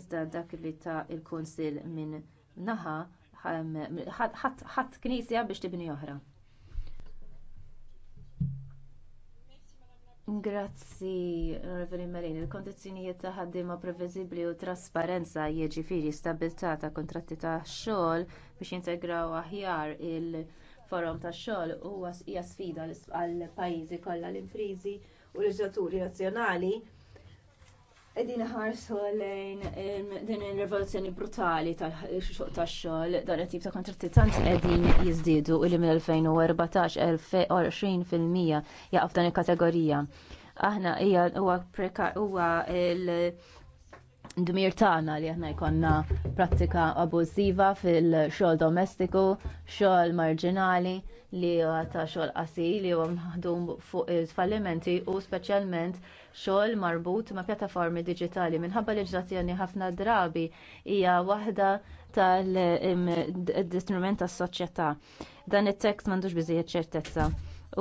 Iżda dak li ta' il-Kunsill minn naħa ħadd knisja biex tibni oħra. Grazzi, Reveri Marin. Il-kondizjonijiet ta' ħaddiema previżibbli u trasparenza jiġifieri stabilità ta' kuntratti ta' xogħol biex jintegraw aħjar il-forum tax xogħol huwa hija sfida għall pajjiżi kollha l-impriżi u l-ġaturi nazzjonali Edin ħarsu lejn din il-rivoluzzjoni brutali tal-xoq tax-xogħol dan it-tip ta' kontratti tant qegħdin jiżdiedu li mill-2014 fil-mija jaqaf dan il-kategorija. Aħna hija huwa huwa il- dmir tagħna li aħna jkollna prattika abużiva fil-xogħol domestiku, xogħol marġinali li huwa ta' xogħol qasil li huwa maħdum fuq il-fallimenti u speċjalment xogħol marbut ma' pjattaformi diġitali minħabba leġiżlazzjoni ħafna drabi hija waħda tal-istrument tas-soċjetà. Dan it-tekst m'għandux biżejjed ċertezza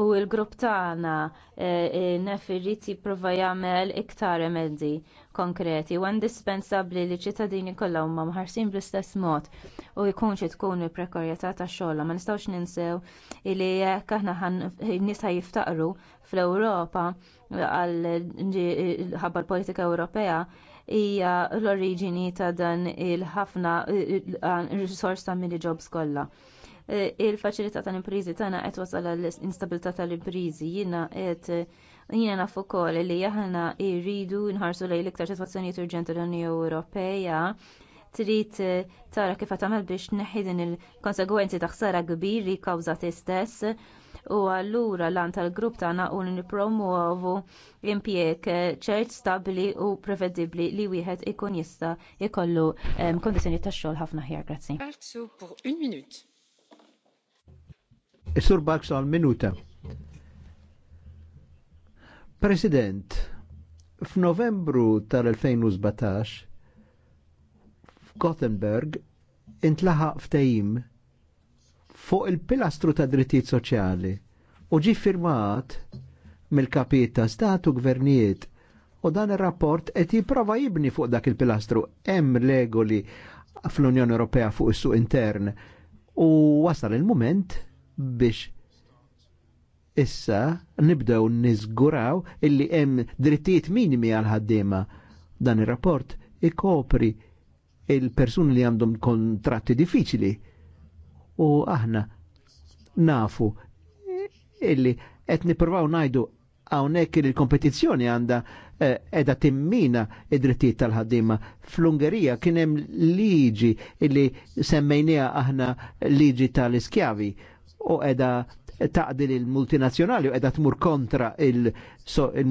u l-grupp tagħna nef irrid jipprova jagħmel iktar emendi konkreti u indispensabbli li ċittadini kollha huma mħarsin bl-istess mod u jkun xi tkun il-prekarjetà tax-xogħol ma nistgħux ninsew li jekk aħna nisa jiftaqru fl-Ewropa għal ħabba l-politika Ewropea hija l-oriġini ta' dan il-ħafna il-risors ta' jobs kollha Eh, il-faċilità tal-imprizi tagħna qed wasal l instabilità tal-imprizi jiena qed jiena naf ukoll li aħna jridu nħarsu lejn l-iktar sitwazzjonijiet urġenti l-Unjoni Ewropea trid eh, tara kif tagħmel biex tneħħi din il-konsegwenzi ta' ħsara kbir li kkawżat istess u allura lan tal-grupp tagħna u nippromuovu impjeg eh, ċert stabbli u prevedibbli li wieħed ikun jista' jkollu kondizzjonijiet tax-xogħol ħafna ħjar. Grazzi. Is-sur Barks għal minuta. President, f'Novembru tal-2017 f'Gothenburg intlaħaq ftehim fuq il-pilastru ta' drittijiet soċjali u ġi firmat mill-kapiet ta' statu gvernijiet u dan ir-rapport qed jipprova jibni fuq dak il-pilastru hemm regoli fl-Unjoni Ewropea fuq is-suq intern u wasal il-mument biex issa nibdew niżguraw illi hemm drittijiet minimi għal ħaddiema. Dan ir-rapport ikopri il-persuni li għandhom kontratti diffiċli u aħna nafu illi qed nippruvaw ngħidu hawnhekk il-kompetizzjoni għandha eh, edha timmina id-drittijiet tal-ħaddima. Fl-Ungerija kien hemm liġi illi semmejniha aħna liġi tal-iskjavi u edha taqdil il-multinazzjonali u edha tmur kontra il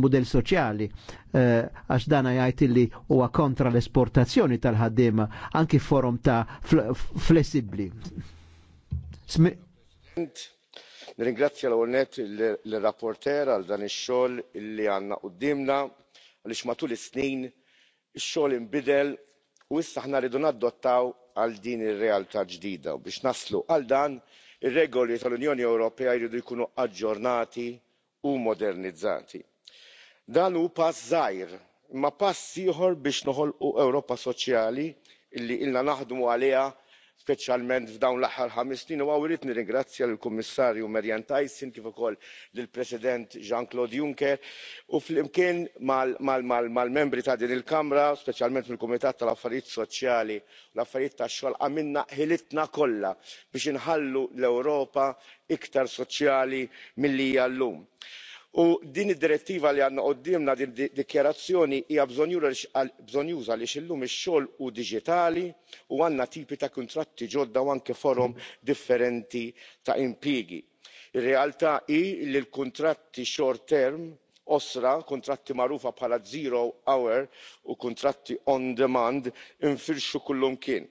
model soċjali eh, għax eh, dana jgħajt li huwa kontra l-esportazzjoni tal-ħaddiema anki forum ta' fl flessibli. Smi... Nirringrazzja l net l-rapporter għal dan ix-xogħol li għandna qudiemna għaliex matul is-snin ix-xogħol inbidel u issa aħna rridu naddottaw għal din ir-realtà ġdida u biex naslu għal dan ir-regoli tal-unjoni ewropea jridu jkunu aġġornati u modernizzati. dan hu pass żgħir imma pass ieħor biex noħolqu ewropa soċjali li ilna naħdmu għaliha speċjalment f'dawn l-aħħar ħames snin u hawnhekk nirringrazzja lill kummissarju marianne thyssen kif ukoll lill president jean claude juncker u flimkien mal membri ta' din il-kamra speċjalment mill-kumitat tal-affarijiet soċjali u l-affarijiet tax-xogħol għamilna ħilitna kollha biex inħallu l ewropa iktar soċjali milli hija llum u din id-direttiva li għandna qudiemna din id-dikjarazzjoni hija bżonjuża għaliex illum ix-xogħol hu diġitali u għandna tipi ta' kuntratti ġodda u anke forom differenti ta' impjiegi. ir-realtà hi li l-kuntratti short term osra kuntratti magħrufa bħala zero hour u kuntratti on demand infirxu kullimkien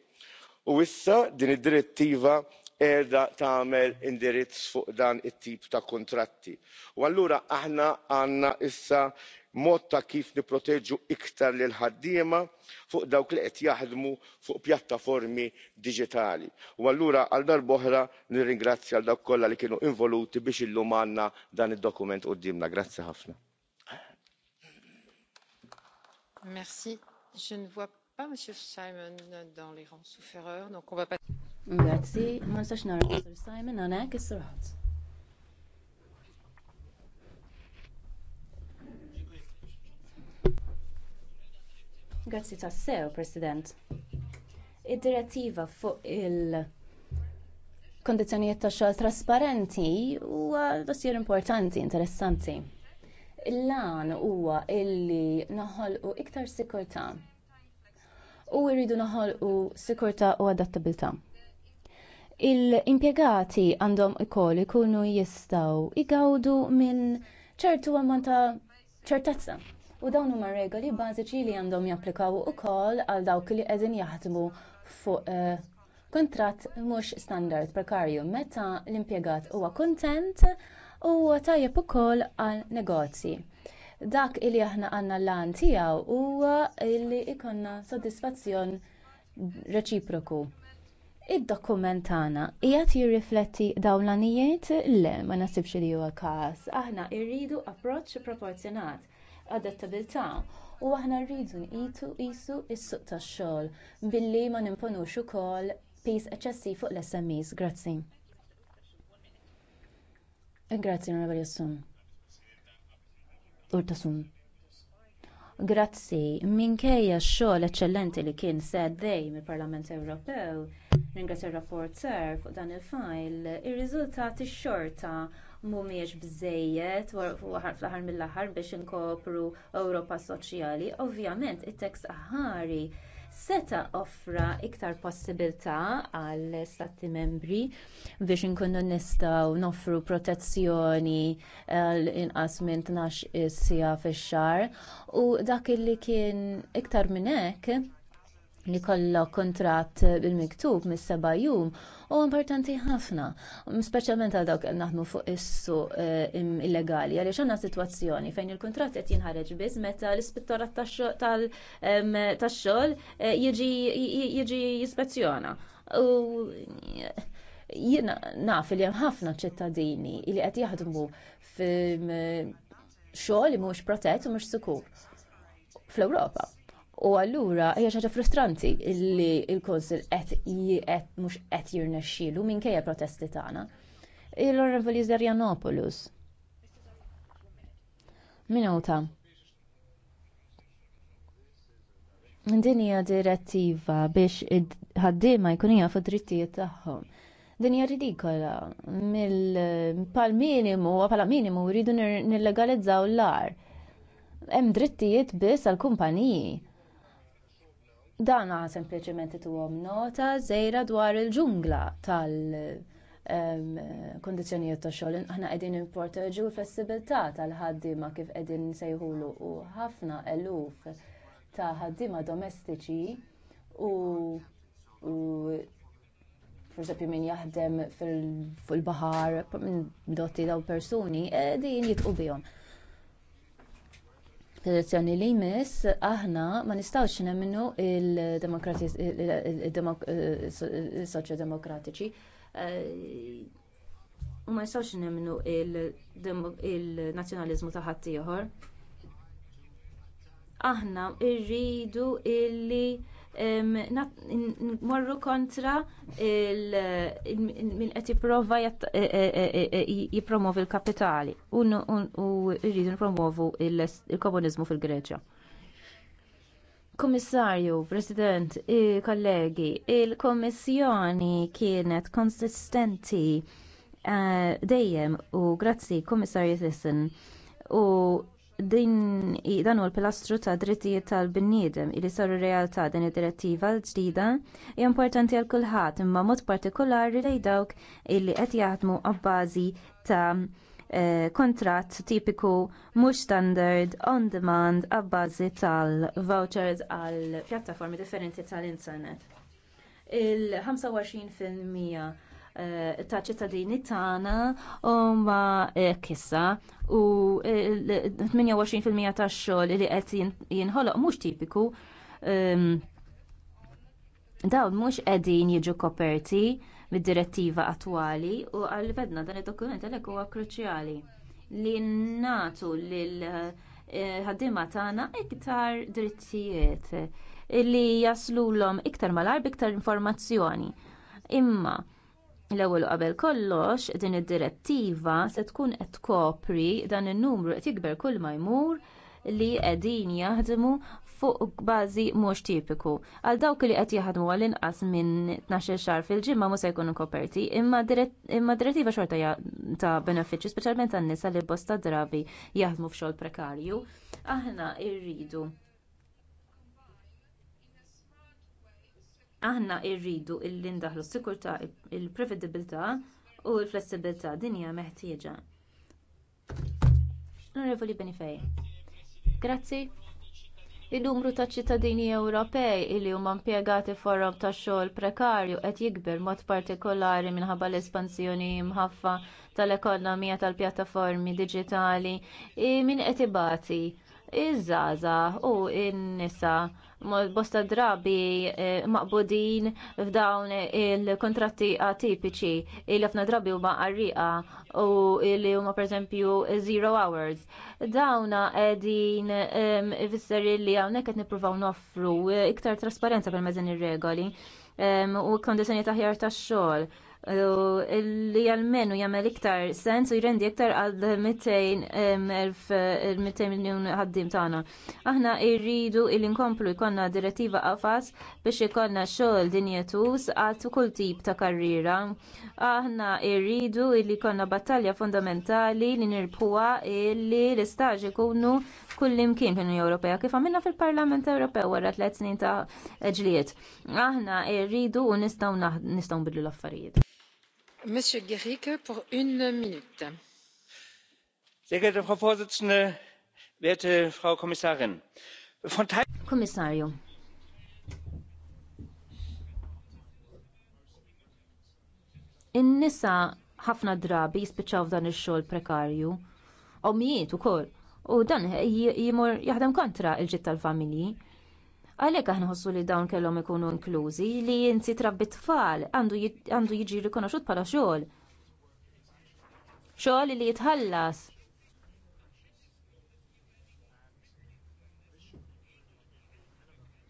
u issa din id direttiva qiegħda tagħmel indirizz fuq dan it-tip ta' kuntratti u allura aħna għandna issa mod ta' kif nipproteġu iktar lil ħaddiema fuq dawk li qed jaħdmu fuq pjattaformi diġitali u allura għal darba oħra nirringrazzja l dawk kollha li kienu involuti biex illum għandna dan id-dokument quddiemna. grazzi ħafna. Merci. Je ne vois pas M. Simon dans les rangs, sauf donc on va passer. Grazzi, ma nistax nara Mr. Simon għanek is-Sir Ħadd. Grazzi sew, President. Id-direttiva fuq il- kondizjonijiet ta' xogħol trasparenti huwa dossier importanti, interessanti. Il-lan huwa illi naħolqu iktar sikurtà u rridu naħolqu sikurtà u adattabilità il-impjegati għandhom ikoll ikunu jistgħu igawdu minn ċertu ammont ta' ċertezza. U dawn huma regoli bażiċi li għandhom japplikaw ukoll għal dawk li qegħdin jaħdmu fuq eh, kuntratt mhux standard prekarju meta l-impjegat huwa kuntent u tajjeb ukoll għal negozji. Dak li aħna għandna l-għan tiegħu huwa li jkollna sodisfazzjon reċiproku. Id-dokument tagħna qiegħed jirrifletti dawn l-għanijiet le ma nasibx li huwa każ. Aħna rridu approċċ proporzjonat, adattabilità u aħna rridu nqisu qisu s-suq tax-xogħol billi ma nimponux ukoll piż eċċessiv fuq l-SMEs. Grazzi. Grazzi, Onorevoli Assum. Urtasum. Grazzi, minkejja x-xogħol eċċellenti li kien seddej mill-Parlament Ewropew, Ringrazzja r-rapport ser fuq dan il-fajl. Ir-riżultati xorta mhumiex bżejjed fl-aħħar mill-aħħar biex inkopru Ewropa Soċjali. Ovvjament, it-tekst aħari seta offra iktar possibilità għall stati membri biex inkunu nistgħu noffru protezzjoni eh, l-inqas minn 12 sija fix xar u dak li kien iktar minn hekk li kollok kuntratt bil-miktub mis-seba jum u importanti ħafna, speċjalment għal dawk naħdmu fuq is-suq eh, illegali għaliex għandna sitwazzjoni fejn il-kuntratt qed jinħareġ biss meta l-ispettorat tax-xogħol eh, jiġi jispezzjona. U Jiena naf li hemm ħafna ċittadini li qed jaħdmu f'xogħol li mhux protett u mhux sikur fl-Ewropa U allura hija xi ħaġa frustranti li l-Kunsil qed qed mhux qed jirnexxielu minkejja protesti tagħna. Il-Onorevoli Janopoulos. Minuta. Din hija direttiva biex ħaddiema jkun hija fuq drittijiet tagħhom. Din hija ridikola mill-pal minimu pala minimu jridu nillegalizzaw l-ar. Hemm drittijiet biss għall-kumpaniji dan għa sempliciment tuhom nota żgħira dwar il-ġungla tal-kondizzjonijiet ta' xogħol. Aħna qegħdin importaġu flessibilità tal-ħaddiema kif qegħdin sejħulu u ħafna eluf ta' ħaddiema domestiċi u forse min jaħdem fil-bahar minn dotti daw persuni qegħdin jitqu bihom l Elezzjoni li jmiss aħna ma nistgħux nemmnu il-soċjodemokratiċi eh, u ma nistgħux nemmnu il-nazzjonaliżmu ta' ħadd ieħor. Aħna rridu illi morru kontra min qed jipprova e, e, e, jippromovi l-kapitali u rridu nipromovu il-komuniżmu fil-Greċja. Kommissarju President, kollegi, il-Kommissjoni kienet konsistenti eh, dejjem u grazzi kommissarju Thyssen u din dan huwa l-pilastru ta' drittijiet tal-binniedem li saru realtà din id-direttiva l-ġdida hija importanti għal kulħadd imma mod partikolari lejn dawk illi qed jaħdmu abbażi ta' eh, kuntratt tipiku mhux standard on demand abbażi tal-vouchers għal pjattaformi differenti tal-internet. Il-25% Eh, ta' ċittadini tagħna huma eh, kissa u 28% eh, tax-xogħol li qed jinħoloq mhux tipiku ehm, dawn mhux qegħdin jiġu koperti mid-direttiva attwali u għal vedna dan id-dokument għalhekk huwa kruċjali li nagħtu lil ħaddiema tagħna iktar drittijiet li jaslulhom iktar malar iktar informazzjoni. Imma L-ewwel qabel kollox din id-direttiva se tkun qed tkopri dan in-numru qed jikber kull ma jmur li qegħdin jaħdmu fuq bażi mhux tipiku. Għal dawk li qed jaħdmu għal inqas minn 12 xahar fil-ġimma mhux se jkunu koperti, imma direttiva xorta ta' benefiċċju speċjalment għan-nisa li bosta drabi jaħdmu f'xogħol prekarju. Aħna rridu aħna rridu illi ndaħlu s-sikurtà il-prevedibilità u l-flessibilità din hija meħtieġa. Onorevoli Benifej. Grazzi. Il-numru ta' ċittadini Ewropej illi huma impjegati forom ta' xogħol prekarju qed jikber mod partikolari minħabba l-espansjoni mħaffa tal-ekonomija tal-pjattaformi diġitali min qed ibati iż-żaza u n-nisa bosta drabi eh, maqbudin f'dawn il-kontratti atipiċi il ħafna drabi huma qarriqa u li huma pereżempju zero hours. Dawna qegħdin ehm, ifisser li hawnhekk qed nippruvaw noffru eh, iktar trasparenza permezz ir-regoli ehm, u kondizjoni taħjar tax-xogħol li għalmenu jagħmel iktar sens u jrendi iktar għal 200 miljon ħaddim tagħna. Aħna rridu il nkomplu jkollna direttiva qafas biex ikollna xogħol dinjetus għal kull tip ta' karriera. Aħna rridu li jkollna battalja fondamentali li nirbħuha li l-istaġ ikunu kullimkien fil-Unjoni Ewropea kif għamilna fil-Parlament Ewropew wara tliet snin ta' ġlied. Aħna rridu u nistgħu nistgħu nbidlu l-affarijiet frau präsidentin werte frau kommissarin! kommissarju in-nisa ħafna drabi jispiċċaw f'dan ix-xogħol prekarju ommijiet ukoll u dan jaħdem kontra l-ġid tal-familji Għalhekk aħna nħossu li dawn kellhom ikunu inklużi li jinti trabbi tfal għandu jiġi rikonoxut bħala xogħol. Xogħol li jitħallas.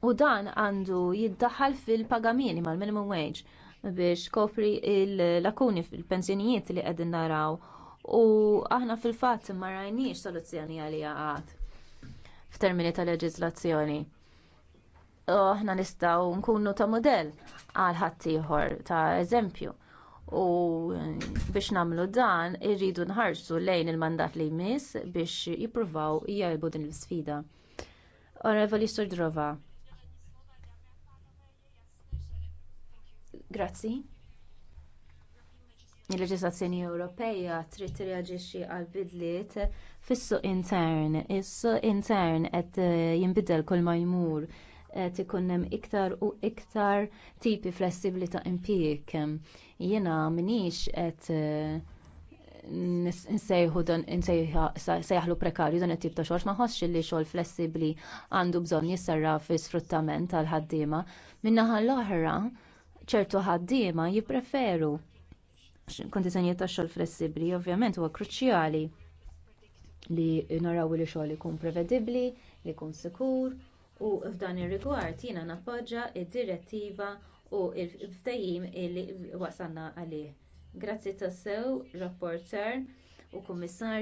U dan għandu jiddaħħal fil-pagamini mal-minimum wage biex kopri l-lakuni fil-pensjonijiet li qegħdin naraw u aħna fil-fatt ma rajniex soluzzjoni għalija għad f'termini tal leġizlazzjoni aħna nistgħu nkunu ta' modell għal ħaddieħor ta' eżempju. U biex nagħmlu dan irridu nħarsu lejn il-mandat li jmiss biex jippruvaw jgħajbu din l-sfida. Onorevoli Sordrova. Grazzi il-leġislazzjoni Ewropeja trid tirreaġixxi għal bidliet fis-suq intern. Is-suq intern qed jinbidel kull ma jmur qed ikun hemm iktar u iktar tipi flessibbli ta' impjieg. Jiena minix qed eh, nsejħu dan nsejħu prekarju dan it-tip ta' xorx ma ħossx li xogħol flessibbli għandu bżonn jissarra fi sfruttament tal ħaddiema. Min-naħa l-oħra ċertu ħaddiema jippreferu kondizzjonijiet ta' xogħol flessibbli ovvjament huwa kruċjali li naraw li xogħol ikun prevedibbli, li jkun sikur u f'dan ir-rigward jiena nappoġġa d-direttiva u l-ftehim li wasalna għalih. Grazzi tassew, rapporteur u kummissarju.